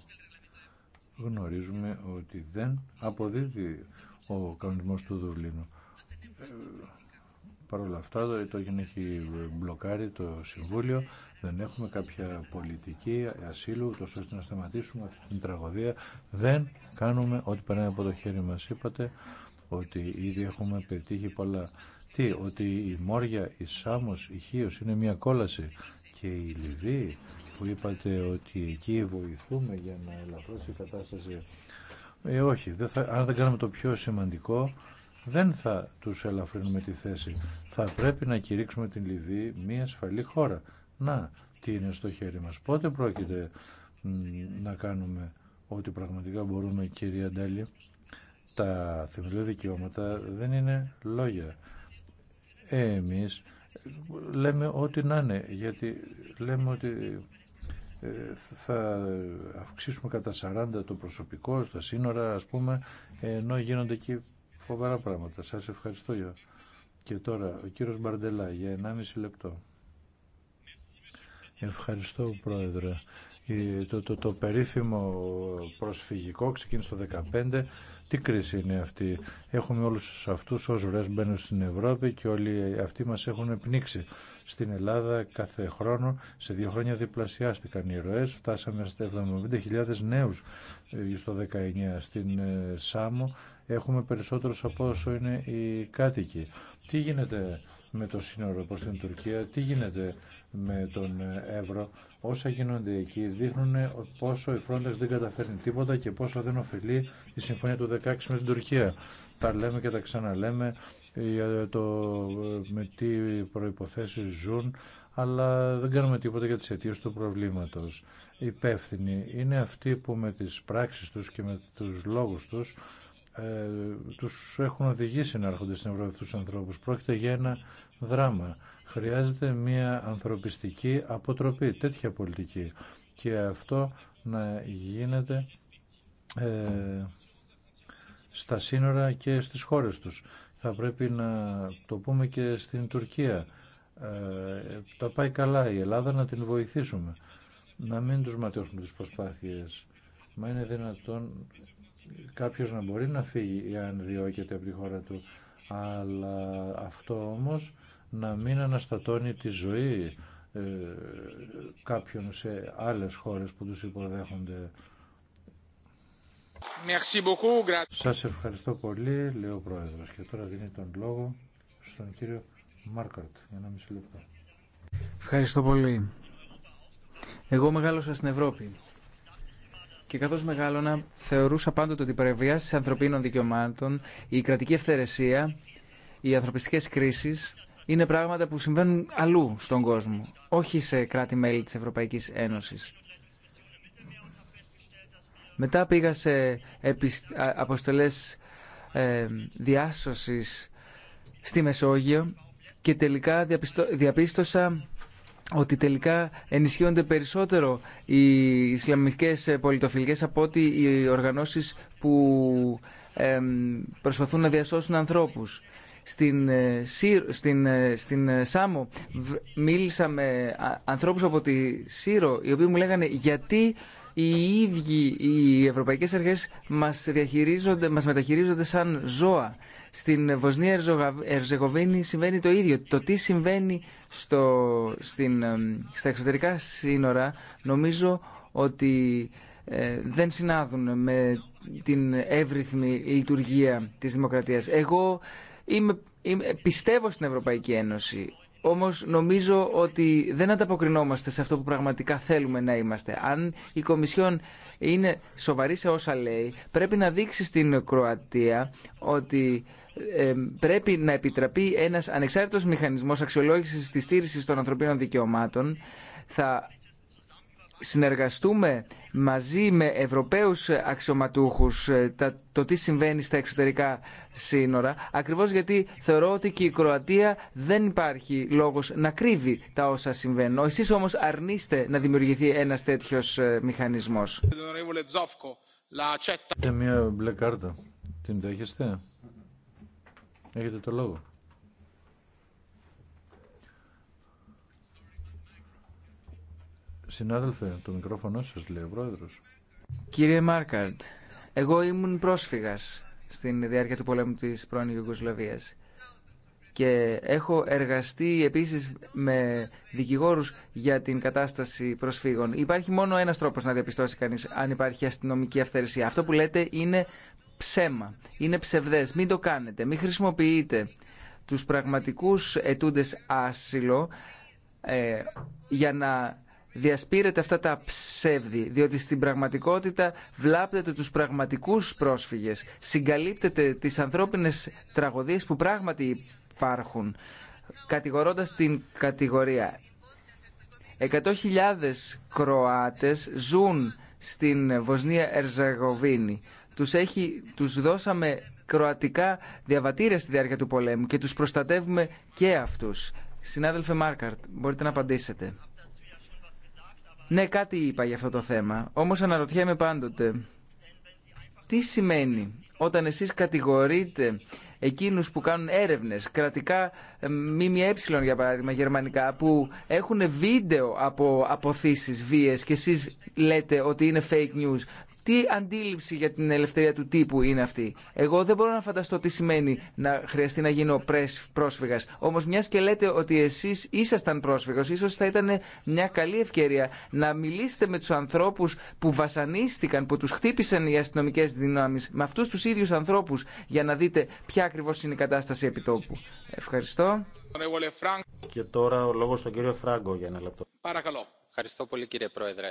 Γνωρίζουμε ότι δεν αποδίδει ο κανονισμός του Δουβλίνου. Ε, παρ' όλα αυτά δηλαδή, το έχει μπλοκάρει το Συμβούλιο, δεν έχουμε κάποια πολιτική ασύλου, τόσο ώστε να σταματήσουμε αυτή την τραγωδία. Δεν κάνουμε ό,τι περνάει από το χέρι μας, είπατε ότι ήδη έχουμε πετύχει πολλά. Τι, ότι η Μόρια, η Σάμος, η Χίος είναι μια κόλαση και η Λιβύη που είπατε ότι εκεί βοηθούμε για να ελαφρώσει η κατάσταση. Ε, όχι, δεν θα, αν δεν κάνουμε το πιο σημαντικό, δεν θα τους ελαφρύνουμε τη θέση. Θα πρέπει να κηρύξουμε την Λιβύη μια ασφαλή χώρα. Να, τι είναι στο χέρι μας. Πότε πρόκειται να κάνουμε ό,τι πραγματικά μπορούμε, κυρία Ντέλη, τα θεμελιώδη δικαιώματα δεν είναι λόγια. Εμείς λέμε ό,τι να είναι, γιατί λέμε ότι ε, θα αυξήσουμε κατά 40 το προσωπικό στα σύνορα, ας πούμε, ενώ γίνονται εκεί φοβερά πράγματα. Σας ευχαριστώ. Και τώρα ο κύριος Μπαρντελά για 1,5 λεπτό. Ευχαριστώ, Πρόεδρε. Ε, το, το, το περίφημο προσφυγικό ξεκίνησε το 2015 τι κρίση είναι αυτή. Έχουμε όλους αυτούς ως ρε μπαίνουν στην Ευρώπη και όλοι αυτοί μας έχουν πνίξει. Στην Ελλάδα κάθε χρόνο σε δύο χρόνια διπλασιάστηκαν οι ροές. Φτάσαμε στα 70.000 νέους ε, στο 19 στην ε, Σάμο. Έχουμε περισσότερους από όσο είναι οι κάτοικοι. Τι γίνεται με το σύνορο προς την Τουρκία, τι γίνεται με τον Εύρο όσα γίνονται εκεί δείχνουν πόσο η Frontex δεν καταφέρνει τίποτα και πόσο δεν ωφελεί η συμφωνία του 16 με την Τουρκία. Τα λέμε και τα ξαναλέμε ε, το με τι προϋποθέσεις ζουν, αλλά δεν κάνουμε τίποτα για τις αιτίες του προβλήματος. Οι υπεύθυνοι είναι αυτοί που με τις πράξεις τους και με τους λόγους τους ε, τους έχουν οδηγήσει να έρχονται στην Ευρώπη τους ανθρώπους. Πρόκειται για ένα δράμα. Χρειάζεται μια ανθρωπιστική αποτροπή, τέτοια πολιτική. Και αυτό να γίνεται ε, στα σύνορα και στις χώρες τους. Θα πρέπει να το πούμε και στην Τουρκία. Ε, τα πάει καλά η Ελλάδα να την βοηθήσουμε. Να μην τους ματιώσουμε τις προσπάθειες. Μα είναι δυνατόν κάποιος να μπορεί να φύγει αν διώκεται από τη χώρα του. Αλλά αυτό όμως να μην αναστατώνει τη ζωή ε, κάποιων σε άλλες χώρες που τους υποδέχονται. Σα Σας ευχαριστώ πολύ, λέει ο Πρόεδρος. Και τώρα δίνει τον λόγο στον κύριο Μάρκαρτ για ένα μισή Ευχαριστώ πολύ. Εγώ μεγάλωσα στην Ευρώπη. Και καθώς μεγάλωνα, θεωρούσα πάντοτε ότι η παρεμβίαση ανθρωπίνων δικαιωμάτων, η κρατική ευθερεσία, οι ανθρωπιστικές κρίσεις είναι πράγματα που συμβαίνουν αλλού στον κόσμο, όχι σε κράτη-μέλη της Ευρωπαϊκής Ένωσης. Μετά πήγα σε αποστολές ε, διάσωσης στη Μεσόγειο και τελικά διαπίστωσα ότι τελικά ενισχύονται περισσότερο οι Ισλαμικές πολιτοφιλικές από ότι οι οργανώσεις που προσπαθούν να διασώσουν ανθρώπους. Στην, ε, στην, ε, στην ε, Σάμο μίλησα με ανθρώπους από τη Σύρο οι οποίοι μου λέγανε γιατί οι ίδιοι οι ευρωπαϊκές αρχές μας, διαχειρίζονται, μας μεταχειρίζονται σαν ζώα. Στην Βοσνία Ερζεγοβίνη συμβαίνει το ίδιο. Το τι συμβαίνει στο, στην, στα εξωτερικά σύνορα νομίζω ότι δεν συνάδουν με την εύρυθμη λειτουργία της δημοκρατίας. Εγώ Είμαι, είμαι, πιστεύω στην Ευρωπαϊκή Ένωση. Όμως νομίζω ότι δεν ανταποκρινόμαστε σε αυτό που πραγματικά θέλουμε να είμαστε. Αν η Κομισιόν είναι σοβαρή σε όσα λέει, πρέπει να δείξει στην Κροατία ότι ε, πρέπει να επιτραπεί ένας ανεξάρτητος μηχανισμός αξιολόγησης της στήριξη των ανθρωπίνων δικαιωμάτων. Θα συνεργαστούμε μαζί με Ευρωπαίους αξιωματούχους ε, το τι συμβαίνει στα εξωτερικά σύνορα, ακριβώς γιατί θεωρώ ότι και η Κροατία δεν υπάρχει λόγος να κρύβει τα όσα συμβαίνουν. Εσείς όμως αρνείστε να δημιουργηθεί ένας τέτοιος ε, μηχανισμός. Έχετε μια μπλε κάρτα. Την δέχεστε. Έχετε το λόγο. Συνάδελφε, το μικρόφωνο σας λέει ο πρόεδρος. Κύριε Μάρκαρντ, εγώ ήμουν πρόσφυγας στην διάρκεια του πολέμου της πρώην Ιουγκοσλαβίας και έχω εργαστεί επίσης με δικηγόρους για την κατάσταση προσφύγων. Υπάρχει μόνο ένας τρόπος να διαπιστώσει κανείς αν υπάρχει αστυνομική αυθαιρεσία. Αυτό που λέτε είναι ψέμα, είναι ψευδές, μην το κάνετε, μην χρησιμοποιείτε τους πραγματικούς ετούντες άσυλο ε, για να διασπείρετε αυτά τα ψεύδη, διότι στην πραγματικότητα βλάπτετε τους πραγματικούς πρόσφυγες, συγκαλύπτετε τις ανθρώπινες τραγωδίες που πράγματι υπάρχουν, κατηγορώντας την κατηγορία. 100.000 Κροάτες ζουν στην Βοσνία Ερζαγοβίνη. Τους, έχει, τους δώσαμε κροατικά διαβατήρια στη διάρκεια του πολέμου και τους προστατεύουμε και αυτούς. Συνάδελφε Μάρκαρτ, μπορείτε να απαντήσετε. Ναι, κάτι είπα για αυτό το θέμα, όμως αναρωτιέμαι πάντοτε τι σημαίνει όταν εσείς κατηγορείτε εκείνους που κάνουν έρευνες, κρατικά ε, ΜΜΕ για παράδειγμα γερμανικά, που έχουν βίντεο από αποθήσεις βίες και εσείς λέτε ότι είναι fake news. Τι αντίληψη για την ελευθερία του τύπου είναι αυτή. Εγώ δεν μπορώ να φανταστώ τι σημαίνει να χρειαστεί να γίνω πρόσφυγα. Όμω, μια και λέτε ότι εσεί ήσασταν πρόσφυγο, ίσω θα ήταν μια καλή ευκαιρία να μιλήσετε με του ανθρώπου που βασανίστηκαν, που του χτύπησαν οι αστυνομικέ δυνάμει, με αυτού του ίδιου ανθρώπου, για να δείτε ποια ακριβώ είναι η κατάσταση επιτόπου. Ευχαριστώ. Και τώρα ο λόγο στον κύριο Φράγκο για ένα λεπτό. Παρακαλώ. Ευχαριστώ πολύ κύριε Πρόεδρε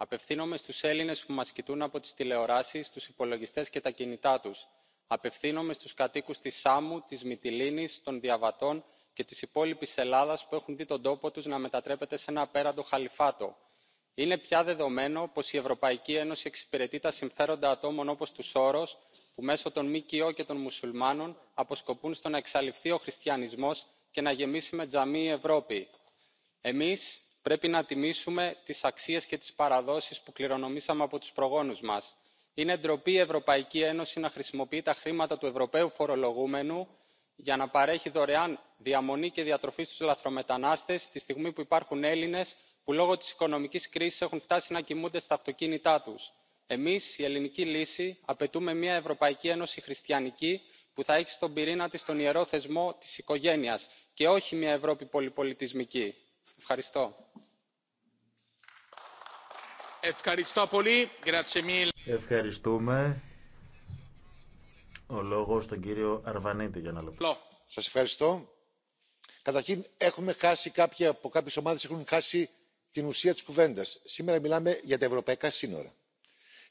απευθύνομαι στους έλληνες που μας κοιτούν από τις τηλεοράσεις στους υπολογιστές και τα κινητά τους απευθύνομαι στους κατοίκους της Σάμου, της Μυτιλίνης, των διαβατών και της υπόλοιπης ελλάδας που έχουν δει τον τόπο τους να μετατρέπεται σε ένα απέραντο χαλιφάτο. είναι πια δεδομένο πως η ευρωπαϊκή ένωση εξυπηρετεί τα συμφέροντα ατόμων όπως του σόρος που μέσω των ΜΚΟ και των μουσουλμάνων αποσκοπούν στο να εξαλειφθεί ο χριστιανισμός και να γεμίσει με τζαμί η ευρώπη. εμείς πρέπει να τιμήσουμε τις αξίες και τις παραδόσεις που κληρονομήσαμε από τους προγόνους μας. είναι ντροπή η ευρωπαϊκή ένωση να χρησιμοποιεί τα χρήματα του ευρωπαίου φορολογούμενου για να παρέχει δωρεάν διαμονή και διατροφή στους λαθρομετανάστες τη στιγμή που υπάρχουν έλληνες που λόγω της οικονομικής κρίσης έχουν φτάσει να κοιμούνται στα αυτοκίνητά τους. εμείς η ελληνική λύση απαιτούμε μια ευρωπαϊκή ένωση χριστιανική που θα έχει στον πυρήνα της τον ιερό θεσμό της οικογένειας και όχι μια ευρώπη πολυπολιτισμική. Ευχαριστώ. Ευχαριστώ πολύ. Ευχαριστούμε. Ο λόγος στον κύριο Αρβανίτη για να λεπτό. Σας ευχαριστώ. Καταρχήν έχουμε χάσει κάποια από κάποιες ομάδες έχουν χάσει την ουσία της κουβέντας. Σήμερα μιλάμε για τα ευρωπαϊκά σύνορα.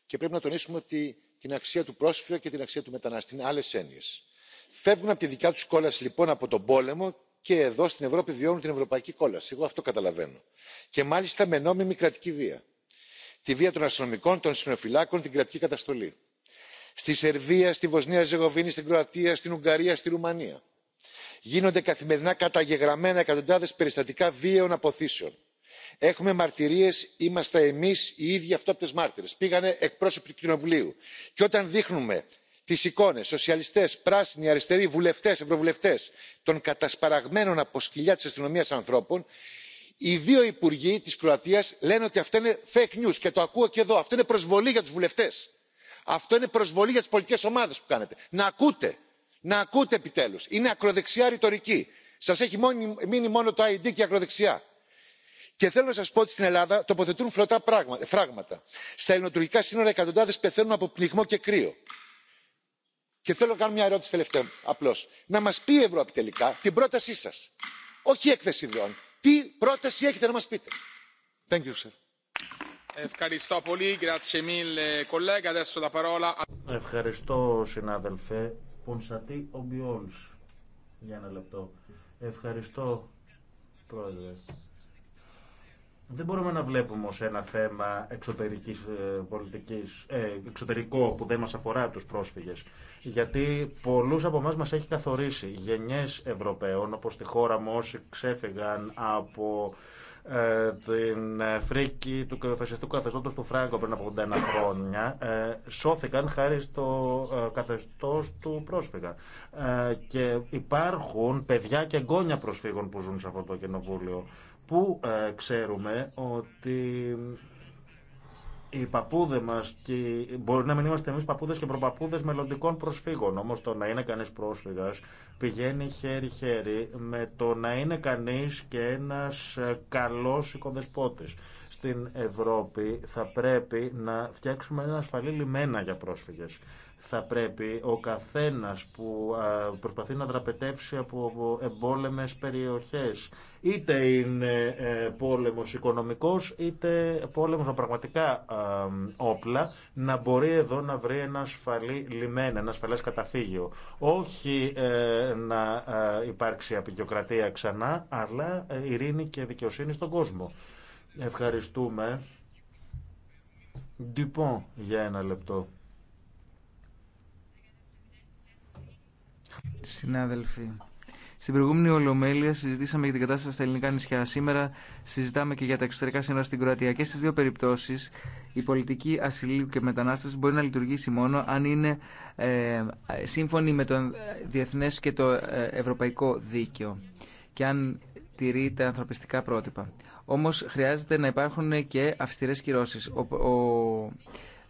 Και πρέπει να τονίσουμε ότι την αξία του πρόσφυγα και την αξία του μετανάστη είναι άλλες έννοιες. Φεύγουν από τη δικιά τους κόλαση λοιπόν από τον πόλεμο και εδώ στην Ευρώπη βιώνουν την ευρωπαϊκή κόλαση. Εγώ αυτό καταλαβαίνω. Και μάλιστα με νόμιμη κρατική βία. Τη βία των αστυνομικών, των συνοφυλάκων, την κρατική καταστολή. Στη Σερβία, στη Βοσνία, Ζεγοβίνη, στην Κροατία, στην Ουγγαρία, στη Ρουμανία. Γίνονται καθημερινά καταγεγραμμένα εκατοντάδε περιστατικά βίαιων αποθήσεων. Έχουμε μαρτυρίε, είμαστε εμεί οι ίδιοι αυτόπτε μάρτυρε. Πήγανε εκπρόσωποι του Κοινοβουλίου. Και όταν δείχνουμε τις εικόνες σοσιαλιστές πράσινοι αριστεροί βουλευτές ευρωβουλευτές των κατασπαραγμένων από σκυλιά της αστυνομίας ανθρώπων οι δύο υπουργοί της κροατίας λένε ότι αυτό είναι fake news και το ακούω και εδώ αυτό είναι προσβολή για τους βουλευτές αυτό είναι προσβολή για τις πολιτικές ομάδες που κάνετε. να ακούτε να ακούτε επιτέλους είναι ακροδεξιά ρητορική σας έχει μείνει μόνο το id και η ακροδεξιά. Και θέλω να σα πω ότι στην Ελλάδα τοποθετούν φλωτά φράγματα. Στα ελληνοτουρκικά σύνορα εκατοντάδε πεθαίνουν από πνιγμό και κρύο και θέλω να κάνω μια ερώτηση τελευταία απλώ να μα πει η ευρώπη τελικά την πρότασή σα όχι έκθεση ιδεών. τι πρόταση έχετε να μα πείτε. Thank you, sir. Ευχαριστώ πολύ. Ευχαριστώ, συνάδελφε. Πονσατή Για ένα λεπτό. Ευχαριστώ, πρόεδρε. Δεν μπορούμε να βλέπουμε ως ένα θέμα εξωτερικής ε, πολιτικής, ε, εξωτερικό που δεν μας αφορά τους πρόσφυγες. Γιατί πολλούς από εμά μας έχει καθορίσει γενιές Ευρωπαίων, όπως στη χώρα μου όσοι ξέφυγαν από ε, την φρίκη του φασιστικού καθεστώτος του Φράγκο πριν από 81 χρόνια σώθηκαν χάρη στο καθεστώς του πρόσφυγα και υπάρχουν παιδιά και εγγόνια προσφύγων που ζουν σε αυτό το κοινοβούλιο που ε, ξέρουμε ότι οι παππούδε μα, μπορεί να μην είμαστε εμεί και προπαππούδε μελλοντικών προσφύγων. Όμω το να ειναι κανεις κανεί πρόσφυγα πηγαίνει χέρι-χέρι με το να είναι κανεί και ένα ε, καλό οικοδεσπότη. Στην Ευρώπη θα πρέπει να φτιάξουμε ένα ασφαλή λιμένα για πρόσφυγες θα πρέπει ο καθένας που προσπαθεί να δραπετεύσει από εμπόλεμες περιοχές είτε είναι ε, πόλεμος οικονομικός είτε πόλεμος με πραγματικά όπλα να μπορεί εδώ να βρει ένα ασφαλή λιμένα, ένα ασφαλές καταφύγιο. Όχι ε, να υπάρξει απεικιοκρατία ξανά αλλά ε, ειρήνη και δικαιοσύνη στον κόσμο. Ευχαριστούμε. Ντυπώ για ένα λεπτό. Συνάδελφοι, στην προηγούμενη Ολομέλεια συζητήσαμε για την κατάσταση στα ελληνικά νησιά. Σήμερα συζητάμε και για τα εξωτερικά σύνορα στην Κροατία. Και στι δύο περιπτώσει η πολιτική ασυλίου και μετανάστευση μπορεί να λειτουργήσει μόνο αν είναι ε, σύμφωνη με το ε, διεθνέ και το ε, ευρωπαϊκό δίκαιο και αν τηρεί ανθρωπιστικά πρότυπα. Όμω χρειάζεται να υπάρχουν και αυστηρέ κυρώσει. ο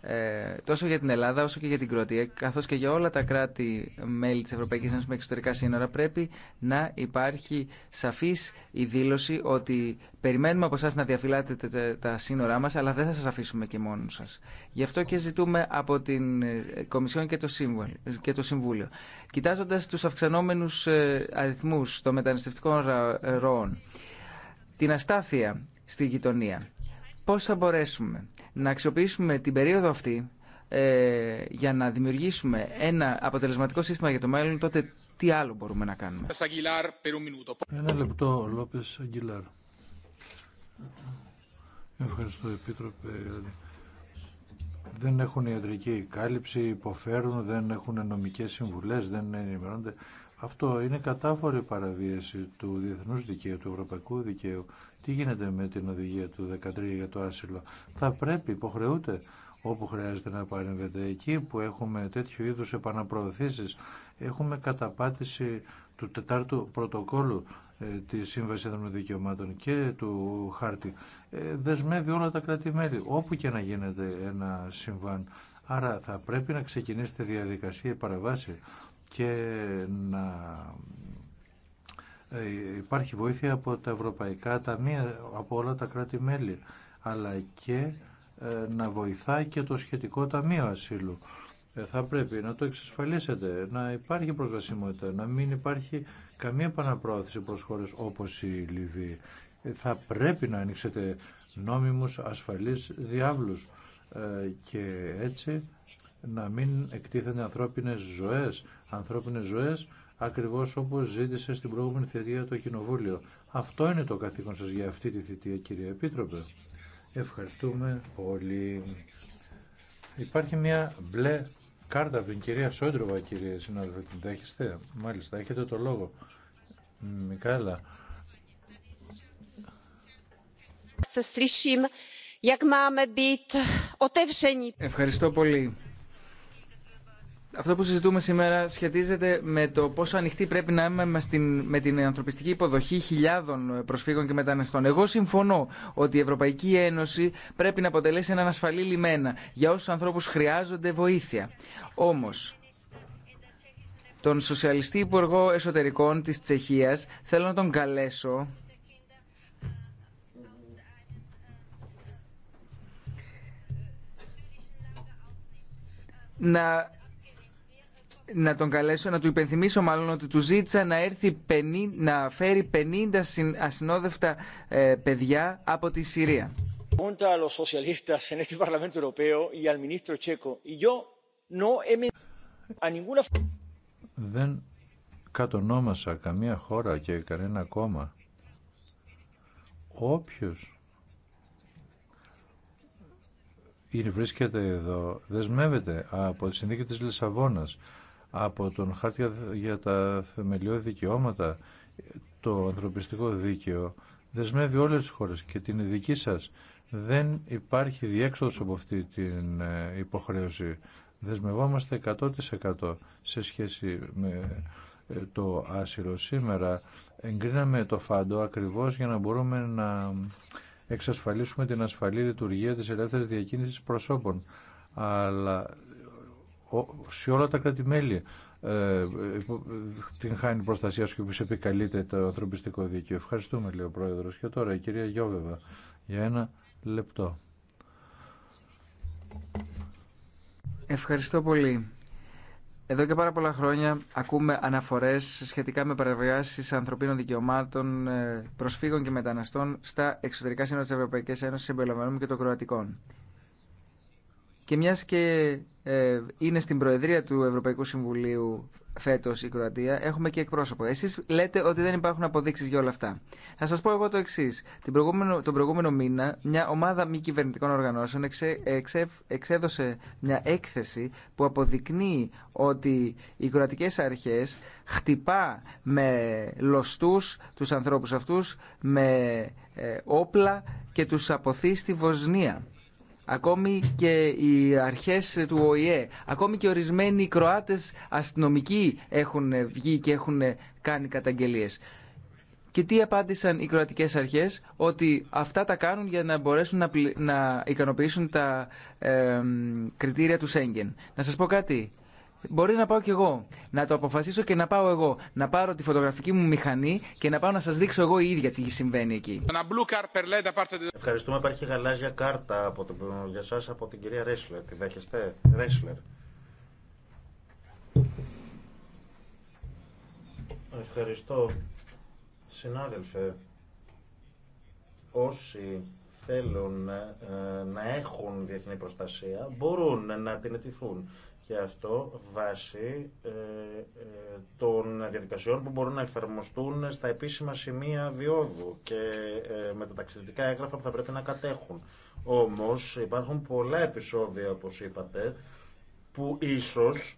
ε, τόσο για την Ελλάδα όσο και για την Κροατία, καθώς και για όλα τα κράτη-μέλη της Ευρωπαϊκής Ένωσης με εξωτερικά σύνορα, πρέπει να υπάρχει σαφής η δήλωση ότι περιμένουμε από εσά να διαφυλάτε τα σύνορά μας, αλλά δεν θα σας αφήσουμε και μόνους σας. Γι' αυτό και ζητούμε από την ε, Κομισιόν και το Συμβούλιο. Κοιτάζοντας τους αυξανόμενους ε, αριθμούς των μεταναστευτικών ροών, την αστάθεια στη γειτονία, πώς θα μπορέσουμε να αξιοποιήσουμε την περίοδο αυτή ε, για να δημιουργήσουμε ένα αποτελεσματικό σύστημα για το μέλλον, τότε τι άλλο μπορούμε να κάνουμε. Ένα λεπτό, Λόπες Αγγιλάρ. Ευχαριστώ, Επίτροπε. Δεν έχουν ιατρική κάλυψη, υποφέρουν, δεν έχουν νομικές συμβουλές, δεν ενημερώνονται. Αυτό είναι κατάφορη παραβίαση του διεθνούς δικαίου, του ευρωπαϊκού δικαίου. Τι γίνεται με την οδηγία του 13 για το άσυλο. Θα πρέπει, υποχρεούται όπου χρειάζεται να παρέμβεται. Εκεί που έχουμε τέτοιου είδους επαναπροωθήσεις, έχουμε καταπάτηση του τετάρτου πρωτοκόλου ε, της Σύμβασης των Δικαιωμάτων και του χάρτη. Ε, δεσμεύει όλα τα κρατη όπου και να γίνεται ένα συμβάν. Άρα θα πρέπει να ξεκινήσετε διαδικασία παραβάση και να ε, υπάρχει βοήθεια από τα ευρωπαϊκά ταμεία, από όλα τα κράτη-μέλη, αλλά και ε, να βοηθάει και το σχετικό ταμείο ασύλου. Ε, θα πρέπει να το εξασφαλίσετε, να υπάρχει προσβασιμότητα, να μην υπάρχει καμία επαναπρόθεση προς χώρες όπως η Λιβύη. Θα πρέπει να ανοίξετε νόμιμους ασφαλείς διάβλους και έτσι να μην εκτίθενται ανθρώπινες ζωές, ανθρώπινες ζωές ακριβώς όπως ζήτησε στην προηγούμενη θητεία το Κοινοβούλιο. Αυτό είναι το καθήκον σας για αυτή τη θητεία κύριε Επίτροπε. Ευχαριστούμε πολύ. Υπάρχει μια μπλε κάρτα από την κυρία Σόντροβα κύριε συνάδελφε. Την δέχεστε. Μάλιστα έχετε το λόγο. Μικάλα. Ευχαριστώ πολύ αυτό που συζητούμε σήμερα σχετίζεται με το πόσο ανοιχτή πρέπει να είμαστε με την ανθρωπιστική υποδοχή χιλιάδων προσφύγων και μεταναστών. Εγώ συμφωνώ ότι η Ευρωπαϊκή Ένωση πρέπει να αποτελέσει έναν ασφαλή λιμένα για όσους ανθρώπους χρειάζονται βοήθεια. Όμως, τον Σοσιαλιστή Υπουργό Εσωτερικών της Τσεχίας θέλω να τον καλέσω να να τον καλέσω, να του υπενθυμίσω μάλλον ότι του ζήτησα να, έρθει να φέρει 50 ασυνόδευτα ε, παιδιά από τη Συρία. Δεν κατονόμασα καμία χώρα και κανένα κόμμα. Όποιος βρίσκεται εδώ δεσμεύεται από τη συνδίκη τη Λισαβόνα από τον χάρτη για τα θεμελιώδη δικαιώματα, το ανθρωπιστικό δίκαιο, δεσμεύει όλες τις χώρες και την ειδική σας. Δεν υπάρχει διέξοδος από αυτή την ε, υποχρέωση. Δεσμευόμαστε 100% σε σχέση με ε, το άσυλο. Σήμερα εγκρίναμε το φάντο ακριβώς για να μπορούμε να εξασφαλίσουμε την ασφαλή λειτουργία της ελεύθερης διακίνησης προσώπων. Αλλά σε όλα τα κράτη-μέλη ε, την χάνει προστασία και που επικαλείται το ανθρωπιστικό δίκαιο. Ευχαριστούμε, λέει ο Πρόεδρος. Και τώρα η κυρία Γιώβεβα για ένα λεπτό. Ευχαριστώ πολύ. Εδώ και πάρα πολλά χρόνια ακούμε αναφορές σχετικά με παραβιάσεις ανθρωπίνων δικαιωμάτων, ε, προσφύγων και μεταναστών στα εξωτερικά σύνορα της Ευρωπαϊκής Ένωσης συμπεριλαμβανομένων και των Κροατικών. Και μιας και ε, είναι στην Προεδρία του Ευρωπαϊκού Συμβουλίου φέτο η Κροατία, έχουμε και εκπρόσωπο. Εσεί λέτε ότι δεν υπάρχουν αποδείξει για όλα αυτά. Θα σα πω εγώ το εξή. Τον προηγούμενο μήνα, μια ομάδα μη κυβερνητικών οργανώσεων εξε, εξέδωσε μια έκθεση που αποδεικνύει ότι οι κροατικέ αρχέ χτυπά με λοστού του ανθρώπου αυτού, με ε, όπλα και του αποθεί στη Βοσνία ακόμη και οι αρχές του ΟΗΕ, ακόμη και ορισμένοι Κροάτες αστυνομικοί έχουν βγει και έχουν κάνει καταγγελίες. Και τι απάντησαν οι κροατικές αρχές, ότι αυτά τα κάνουν για να μπορέσουν να, να ικανοποιήσουν τα κριτήρια του Σέγγεν. Να σας πω κάτι, Μπορεί να πάω κι εγώ. Να το αποφασίσω και να πάω εγώ. Να πάρω τη φωτογραφική μου μηχανή και να πάω να σα δείξω εγώ η ίδια τι συμβαίνει εκεί. Ευχαριστούμε. Υπάρχει γαλάζια κάρτα από το, για εσά από την κυρία Ρέσλερ. Τη δέχεστε, Ρέσλερ. Ευχαριστώ. Συνάδελφε, όσοι θέλουν ε, να έχουν διεθνή προστασία μπορούν να την ετηθούν. Και αυτό βάσει ε, ε, των διαδικασιών που μπορούν να εφαρμοστούν στα επίσημα σημεία διόδου και με τα ταξιδιωτικά έγγραφα που θα πρέπει να κατέχουν. Όμως υπάρχουν πολλά επεισόδια, όπως είπατε, που ίσως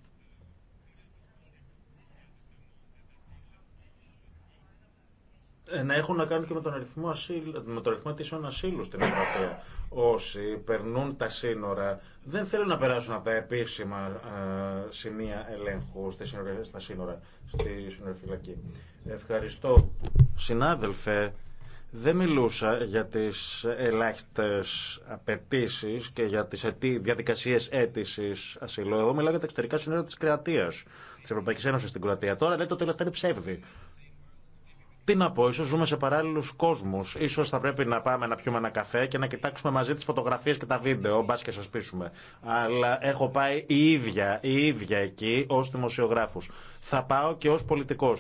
Ε, να έχουν να κάνουν και με τον αριθμό, ασύλ, αριθμό αιτήσεων ασύλου στην Ευρωπαϊκή. Όσοι περνούν τα σύνορα δεν θέλουν να περάσουν από τα επίσημα ε, σημεία ελέγχου στη σύνορα, στα σύνορα, στη συνορφυλακή. Ευχαριστώ. Συνάδελφε, δεν μιλούσα για τις ελάχιστες απαιτήσει και για τις διαδικασίες αίτησης ασύλου. Εδώ μιλάω για τα εξωτερικά σύνορα της Κροατίας, της Ευρωπαϊκής Ένωσης στην Κροατία. Τώρα λέτε ότι όλα αυτά είναι ψεύδι. Τι να πω, ίσω ζούμε σε παράλληλου κόσμου. σω θα πρέπει να πάμε να πιούμε ένα καφέ και να κοιτάξουμε μαζί τι φωτογραφίε και τα βίντεο, μπα και σα πείσουμε. Αλλά έχω πάει η ίδια, η ίδια εκεί ω δημοσιογράφο. Θα πάω και ω πολιτικό.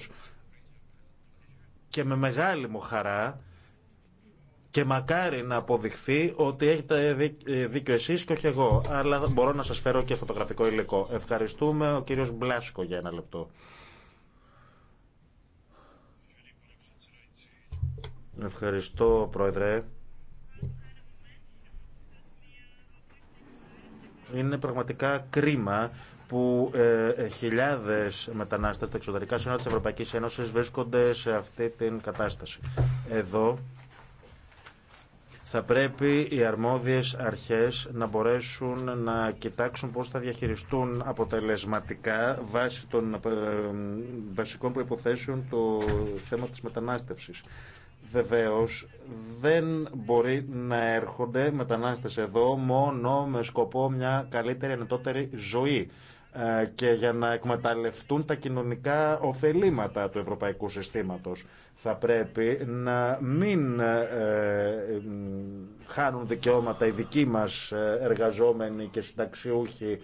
Και με μεγάλη μου χαρά και μακάρι να αποδειχθεί ότι έχετε ε, δίκιο εσεί και όχι εγώ. Αλλά μπορώ να σα φέρω και φωτογραφικό υλικό. Ευχαριστούμε ο κύριο Μπλάσκο για ένα λεπτό. Ευχαριστώ, Πρόεδρε. Είναι πραγματικά κρίμα που ε, ε χιλιάδε μετανάστε στα εξωτερικά σύνορα τη Ευρωπαϊκή Ένωση βρίσκονται σε αυτή την κατάσταση. Εδώ θα πρέπει οι αρμόδιες αρχές να μπορέσουν να κοιτάξουν πώς θα διαχειριστούν αποτελεσματικά βάσει των ε, ε, βασικών προϋποθέσεων το θέμα της μετανάστευσης. Βεβαίως δεν μπορεί να έρχονται μετανάστες εδώ μόνο με σκοπό μια καλύτερη ανετότερη ζωή ε, και για να εκμεταλλευτούν τα κοινωνικά ωφελήματα του ευρωπαϊκού συστήματος. Θα πρέπει να μην ε, χάνουν δικαιώματα οι δικοί μας ε, εργαζόμενοι και συνταξιούχοι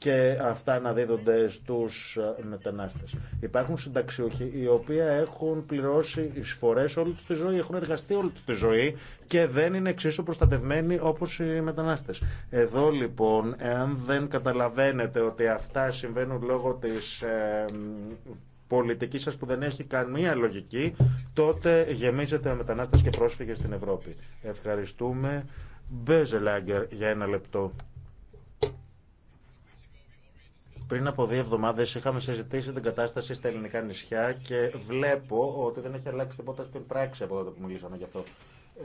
και αυτά να δίδονται στους μετανάστες. Υπάρχουν συνταξιούχοι οι οποίοι έχουν πληρώσει εισφορές όλη τους τη ζωή, έχουν εργαστεί όλη τους τη ζωή και δεν είναι εξίσου προστατευμένοι όπως οι μετανάστες. Εδώ λοιπόν, εάν δεν καταλαβαίνετε ότι αυτά συμβαίνουν λόγω της ε, πολιτικής σας που δεν έχει καμία λογική, τότε γεμίζετε με μετανάστες και πρόσφυγες στην Ευρώπη. Ευχαριστούμε. Μπέζελάγκερ για ένα λεπτό. Πριν από δύο εβδομάδε είχαμε συζητήσει την κατάσταση στα ελληνικά νησιά και βλέπω ότι δεν έχει αλλάξει τίποτα στην πράξη από τότε που μιλήσαμε γι' αυτό.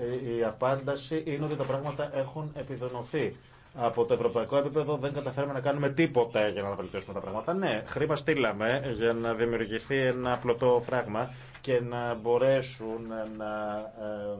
Ε, η απάνταση είναι ότι τα πράγματα έχουν επιδονωθεί. Από το ευρωπαϊκό επίπεδο δεν καταφέραμε να κάνουμε τίποτα για να βελτιώσουμε τα πράγματα. Ναι, χρήμα στείλαμε για να δημιουργηθεί ένα πλωτό φράγμα και να μπορέσουν να ε,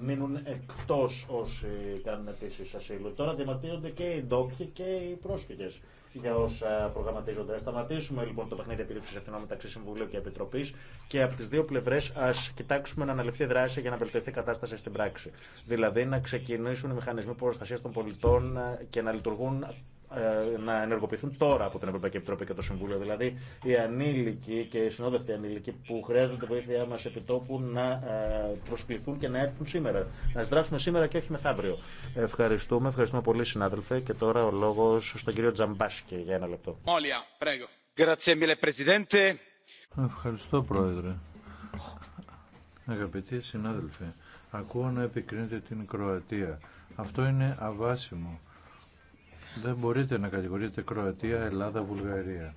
μείνουν εκτός όσοι κάνουν αιτήσει ασύλου. Τώρα διαμαρτύρονται και οι ντόπιοι και οι πρόσφυγες για όσα προγραμματίζονται. Σταματήσουμε λοιπόν το παιχνίδι επίληψη ευθυνών μεταξύ Συμβουλίου και Επιτροπή και από τι δύο πλευρέ α κοιτάξουμε να αναλυφθεί δράση για να βελτιωθεί κατάσταση στην πράξη. Δηλαδή να ξεκινήσουν οι μηχανισμοί προστασία των πολιτών και να λειτουργούν ε, να ενεργοποιηθούν τώρα από την Ευρωπαϊκή Επιτροπή και το Συμβούλιο. Δηλαδή, οι ανήλικοι και οι συνόδευτοι ανήλικοι που χρειάζονται τη βοήθειά μα τόπου να ε, προσκληθούν και να έρθουν σήμερα. Να δράσουμε σήμερα και όχι μεθαύριο. Ευχαριστούμε, ευχαριστούμε πολύ, συνάδελφε. Και τώρα ο λόγο στον κύριο Τζαμπάσκε για ένα λεπτό. Όλια, Ευχαριστώ, Πρόεδρε. Αγαπητοί συνάδελφοι, ακούω να επικρίνετε την Κροατία. Αυτό είναι αβάσιμο δεν μπορείτε να κατηγορείτε Κροατία, Ελλάδα, Βουλγαρία.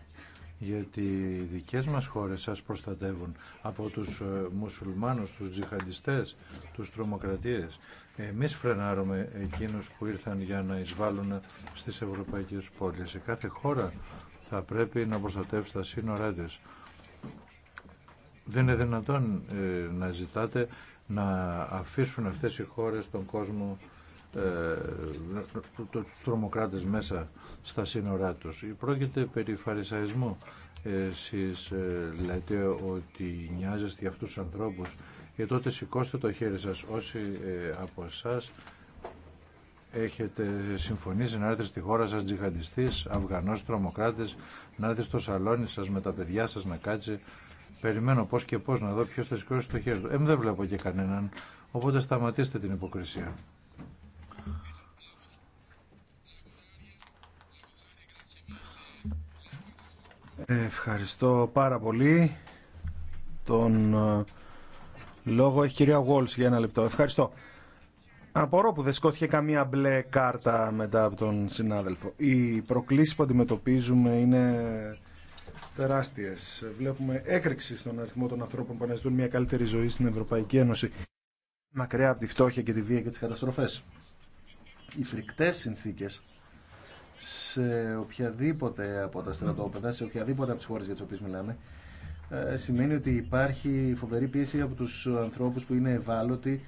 Γιατί οι δικές μας χώρες σας προστατεύουν από τους ε, μουσουλμάνους, τους τζιχαντιστές, τους τρομοκρατίες. Εμείς φρενάρουμε εκείνους που ήρθαν για να εισβάλλουν στις ευρωπαϊκές πόλεις. Σε κάθε χώρα θα πρέπει να προστατεύσει τα σύνορά της. Δεν είναι δυνατόν ε, να ζητάτε να αφήσουν αυτές οι χώρες τον κόσμο ε, τους τρομοκράτε μέσα στα σύνορά του. Πρόκειται περί φαρισαϊσμού. Εσείς ε, λέτε ότι νοιάζεστε για αυτού του ανθρώπου. και ε, τότε σηκώστε το χέρι σας όσοι από εσά έχετε συμφωνήσει να έρθετε στη χώρα σας τζιχαντιστή, αυγανός τρομοκράτη, να έρθει στο σαλόνι σας με τα παιδιά σας να κάτσει. Περιμένω πώς και πώ να δω ποιο θα σηκώσει το χέρι του. Ε, δεν βλέπω και κανέναν, οπότε σταματήστε την υποκρισία. Ευχαριστώ πάρα πολύ. Τον ε, λόγο έχει κυρία Γουόλς για ένα λεπτό. Ευχαριστώ. Απορώ που δεν σκόθηκε καμία μπλε κάρτα μετά από τον συνάδελφο. Οι προκλήσεις που αντιμετωπίζουμε είναι τεράστιες. Βλέπουμε έκρηξη στον αριθμό των ανθρώπων που αναζητούν μια καλύτερη ζωή στην Ευρωπαϊκή Ένωση. Μακριά από τη φτώχεια και τη βία και τις καταστροφές. Οι φρικτές συνθήκες σε οποιαδήποτε από τα στρατόπεδα, σε οποιαδήποτε από τι χώρε για τι οποίε μιλάμε, ε, σημαίνει ότι υπάρχει φοβερή πίεση από τους ανθρώπους που είναι ευάλωτοι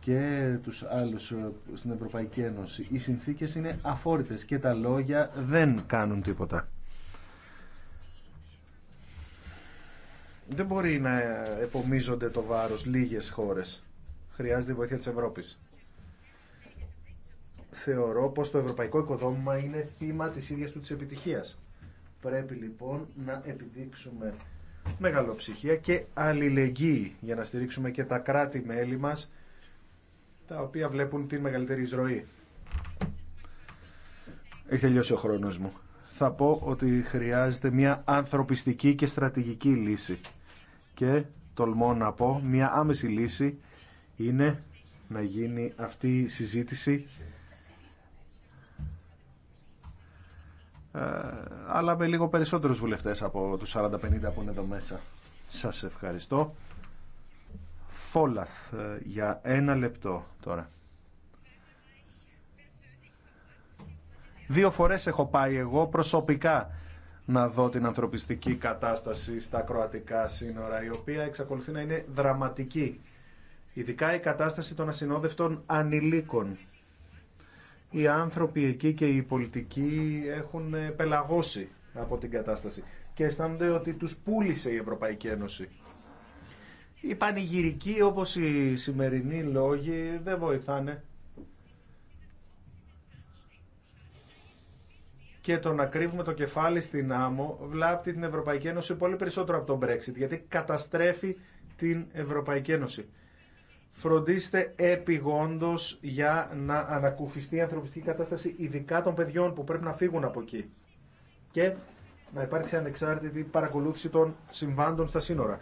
και τους άλλους ε, στην Ευρωπαϊκή Ένωση. Οι συνθήκες είναι αφόρητε και τα λόγια δεν κάνουν τίποτα. Δεν μπορεί να επομίζονται το βάρος λίγες χώρες. Χρειάζεται η βοήθεια της Ευρώπης θεωρώ πως το ευρωπαϊκό οικοδόμημα είναι θύμα της ίδιας του της επιτυχίας. Πρέπει λοιπόν να επιδείξουμε μεγαλοψυχία και αλληλεγγύη για να στηρίξουμε και τα κράτη-μέλη μας τα οποία βλέπουν την μεγαλύτερη εισρωή. Έχει τελειώσει ο χρόνος μου. Θα πω ότι χρειάζεται μια ανθρωπιστική και στρατηγική λύση. Και τολμώ να πω, μια άμεση λύση είναι να γίνει αυτή η συζήτηση Ε, αλλά με λίγο περισσότερους βουλευτές από τους 40-50 που είναι εδώ μέσα. Σας ευχαριστώ. Φόλαθ ε, για ένα λεπτό τώρα. Δύο φορές έχω πάει εγώ προσωπικά να δω την ανθρωπιστική κατάσταση στα κροατικά σύνορα, η οποία εξακολουθεί να είναι δραματική. Ειδικά η κατάσταση των ασυνόδευτων ανηλίκων οι άνθρωποι εκεί και οι πολιτικοί έχουν ε, πελαγώσει από την κατάσταση και αισθάνονται ότι τους πούλησε η Ευρωπαϊκή Ένωση. Οι πανηγυρικοί όπως οι σημερινοί λόγοι δεν βοηθάνε. Και το να κρύβουμε το κεφάλι στην άμμο βλάπτει την Ευρωπαϊκή Ένωση πολύ περισσότερο από τον Brexit γιατί καταστρέφει την Ευρωπαϊκή Ένωση φροντίστε επιγόντως για να ανακουφιστεί η ανθρωπιστική κατάσταση ειδικά των παιδιών που πρέπει να φύγουν από εκεί και να υπάρξει ανεξάρτητη παρακολούθηση των συμβάντων στα σύνορα.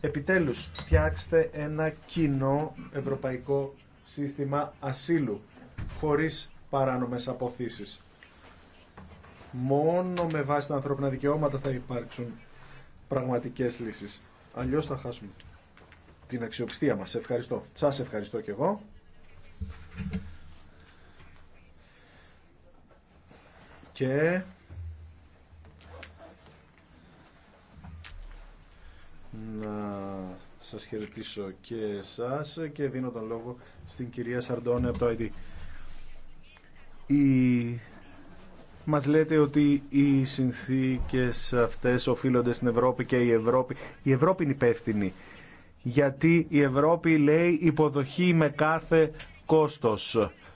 Επιτέλους, φτιάξτε ένα κοινό ευρωπαϊκό σύστημα ασύλου χωρίς παράνομες αποθήσεις. Μόνο με βάση τα ανθρώπινα δικαιώματα θα υπάρξουν πραγματικές λύσεις. Αλλιώς θα χάσουμε την αξιοπιστία μας. Ευχαριστώ. Σας ευχαριστώ και εγώ. Και... Να σας χαιρετήσω και εσάς και δίνω τον λόγο στην κυρία Σαρντώνε από το ID. Η... Μας λέτε ότι οι συνθήκες αυτές οφείλονται στην Ευρώπη και η Ευρώπη, η Ευρώπη είναι υπεύθυνη γιατί η Ευρώπη λέει υποδοχή με κάθε κόστος.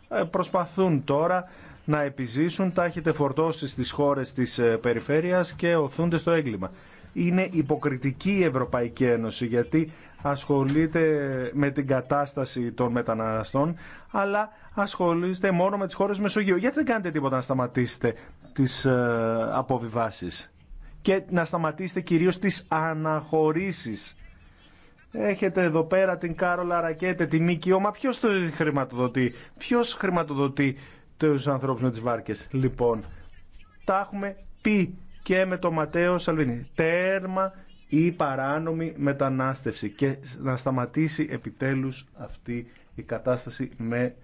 Ε, προσπαθούν τώρα να επιζήσουν, τα έχετε φορτώσει στις χώρες της ε, περιφέρειας και οθούνται στο έγκλημα. Είναι υποκριτική η Ευρωπαϊκή Ένωση γιατί ασχολείται με την κατάσταση των μεταναστών αλλά ασχολείστε μόνο με τις χώρες Μεσογείου. Γιατί δεν κάνετε τίποτα να σταματήσετε τις ε, αποβιβάσεις και να σταματήσετε κυρίως τις αναχωρήσεις Έχετε εδώ πέρα την Κάρολα Ρακέτε, τη Μίκη Ωμα. Ποιο το χρηματοδοτεί, Ποιο χρηματοδοτεί του ανθρώπου με τι βάρκε. Λοιπόν, τα έχουμε πει και με τον Ματέο Σαλβίνη. Τέρμα η παράνομη μετανάστευση και να σταματήσει επιτέλους αυτή η κατάσταση με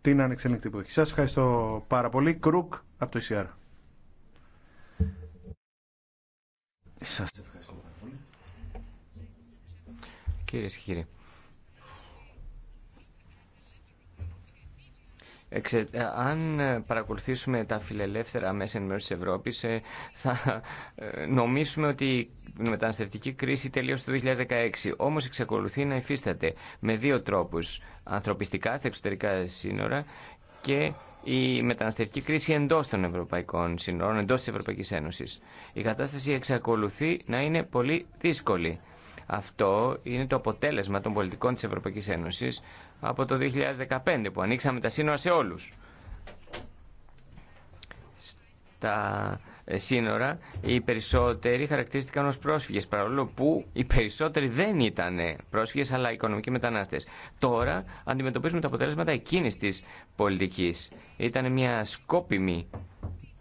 την ανεξέλεγκτη υποδοχή. Σας ευχαριστώ πάρα πολύ. Κρουκ από το ΙΣΙΑΡ. Κυρίε και ε, αν ε, παρακολουθήσουμε τα φιλελεύθερα μέσα ενημέρωση τη Ευρώπη, ε, θα νομίσουμε ότι η μεταναστευτική κρίση τελείωσε το 2016. Όμω εξακολουθεί να υφίσταται με δύο τρόπου. Ανθρωπιστικά στα εξωτερικά σύνορα και η μεταναστευτική κρίση εντό των ευρωπαϊκών σύνορων, εντό τη Ευρωπαϊκή Ένωση. Η κατάσταση εξακολουθεί να είναι πολύ δύσκολη. Αυτό είναι το αποτέλεσμα των πολιτικών της Ευρωπαϊκής Ένωσης από το 2015 που ανοίξαμε τα σύνορα σε όλους. Στα ε, σύνορα οι περισσότεροι χαρακτηρίστηκαν ως πρόσφυγες παρόλο που οι περισσότεροι δεν ήταν πρόσφυγες αλλά οικονομικοί μετανάστες. Τώρα αντιμετωπίζουμε τα αποτέλεσματα εκείνης της πολιτικής. Ήταν μια σκόπιμη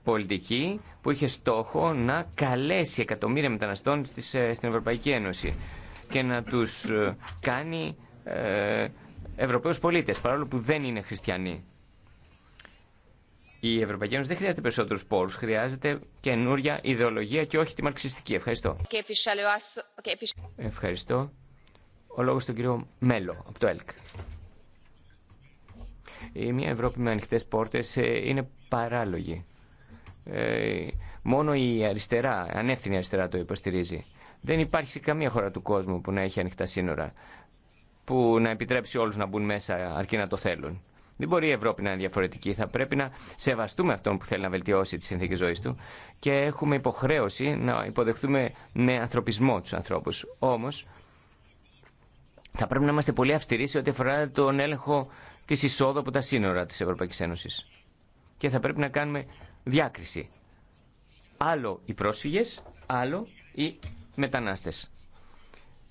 πολιτική που είχε στόχο να καλέσει εκατομμύρια μεταναστών στις, ε, στην Ευρωπαϊκή Ένωση και να τους ε, κάνει ε, Ευρωπαίους πολίτες, παρόλο που δεν είναι χριστιανοί. Η Ευρωπαϊκή Ένωση δεν χρειάζεται περισσότερου πόρου. Χρειάζεται καινούρια ιδεολογία και όχι τη μαρξιστική. Ευχαριστώ. Ευχαριστώ. Ο λόγο του κύριο Μέλο από το ΕΛΚ. Η μια Ευρώπη με ανοιχτέ πόρτε ε, είναι παράλογη. Ε, μόνο η αριστερά, ανεύθυνη αριστερά το υποστηρίζει. Δεν υπάρχει καμία χώρα του κόσμου που να έχει ανοιχτά σύνορα, που να επιτρέψει όλους να μπουν μέσα αρκεί να το θέλουν. Δεν μπορεί η Ευρώπη να είναι διαφορετική. Θα πρέπει να σεβαστούμε αυτόν που θέλει να βελτιώσει τη συνθήκη ζωή του και έχουμε υποχρέωση να υποδεχθούμε με ανθρωπισμό του ανθρώπου. Όμω, θα πρέπει να είμαστε πολύ αυστηροί σε ό,τι αφορά τον έλεγχο τη εισόδου από τα σύνορα τη Ευρωπαϊκή Ένωση. Και θα πρέπει να κάνουμε διάκριση. Άλλο οι πρόσφυγες, άλλο οι μετανάστες.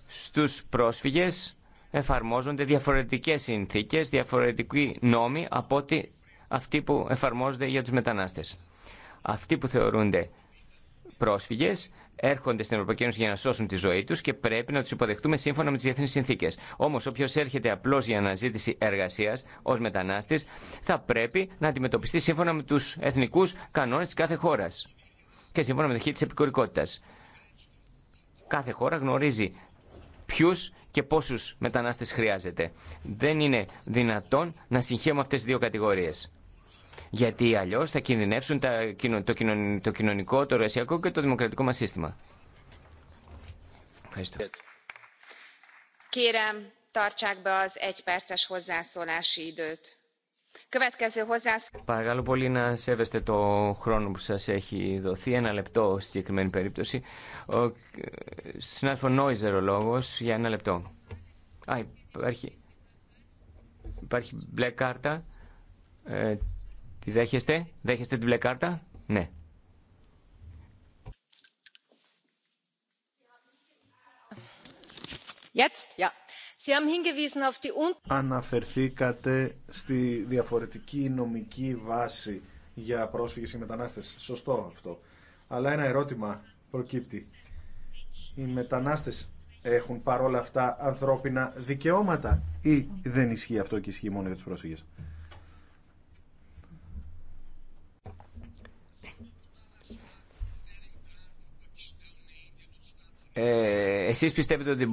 Στους πρόσφυγες εφαρμόζονται διαφορετικές συνθήκες, διαφορετικοί νόμοι από ότι αυτοί που εφαρμόζονται για τους μετανάστες. Αυτοί που θεωρούνται πρόσφυγε έρχονται στην Ευρωπαϊκή Ένωση για να σώσουν τη ζωή του και πρέπει να του υποδεχτούμε σύμφωνα με τι διεθνεί συνθήκε. Όμω, όποιο έρχεται απλώ για αναζήτηση εργασία ω μετανάστη, θα πρέπει να αντιμετωπιστεί σύμφωνα με του εθνικού κανόνε τη κάθε χώρα και σύμφωνα με το χείρι τη επικουρικότητα. Κάθε χώρα γνωρίζει ποιου και πόσου μετανάστε χρειάζεται. Δεν είναι δυνατόν να συγχαίουμε αυτέ τι δύο κατηγορίε. Γιατί αλλιώ θα κινδυνεύσουν το, κοινωνικό, το εργασιακό και το δημοκρατικό μα σύστημα. Ευχαριστώ. Παρακαλώ πολύ να σέβεστε το χρόνο που σας έχει δοθεί, ένα λεπτό στη συγκεκριμένη περίπτωση. Ο συνάδελφο Νόιζερ ο λόγος για ένα λεπτό. Α, υπάρχει, υπάρχει μπλε κάρτα. Ε, Τη δέχεστε, δέχεστε την μπλε κάρτα, ναι. Αναφερθήκατε στη διαφορετική νομική βάση για πρόσφυγες και μετανάστες. Σωστό αυτό. Αλλά ένα ερώτημα προκύπτει. Οι μετανάστες έχουν παρόλα αυτά ανθρώπινα δικαιώματα ή δεν ισχύει αυτό και ισχύει μόνο για τους πρόσφυγες. Ε, εσείς πιστεύετε ότι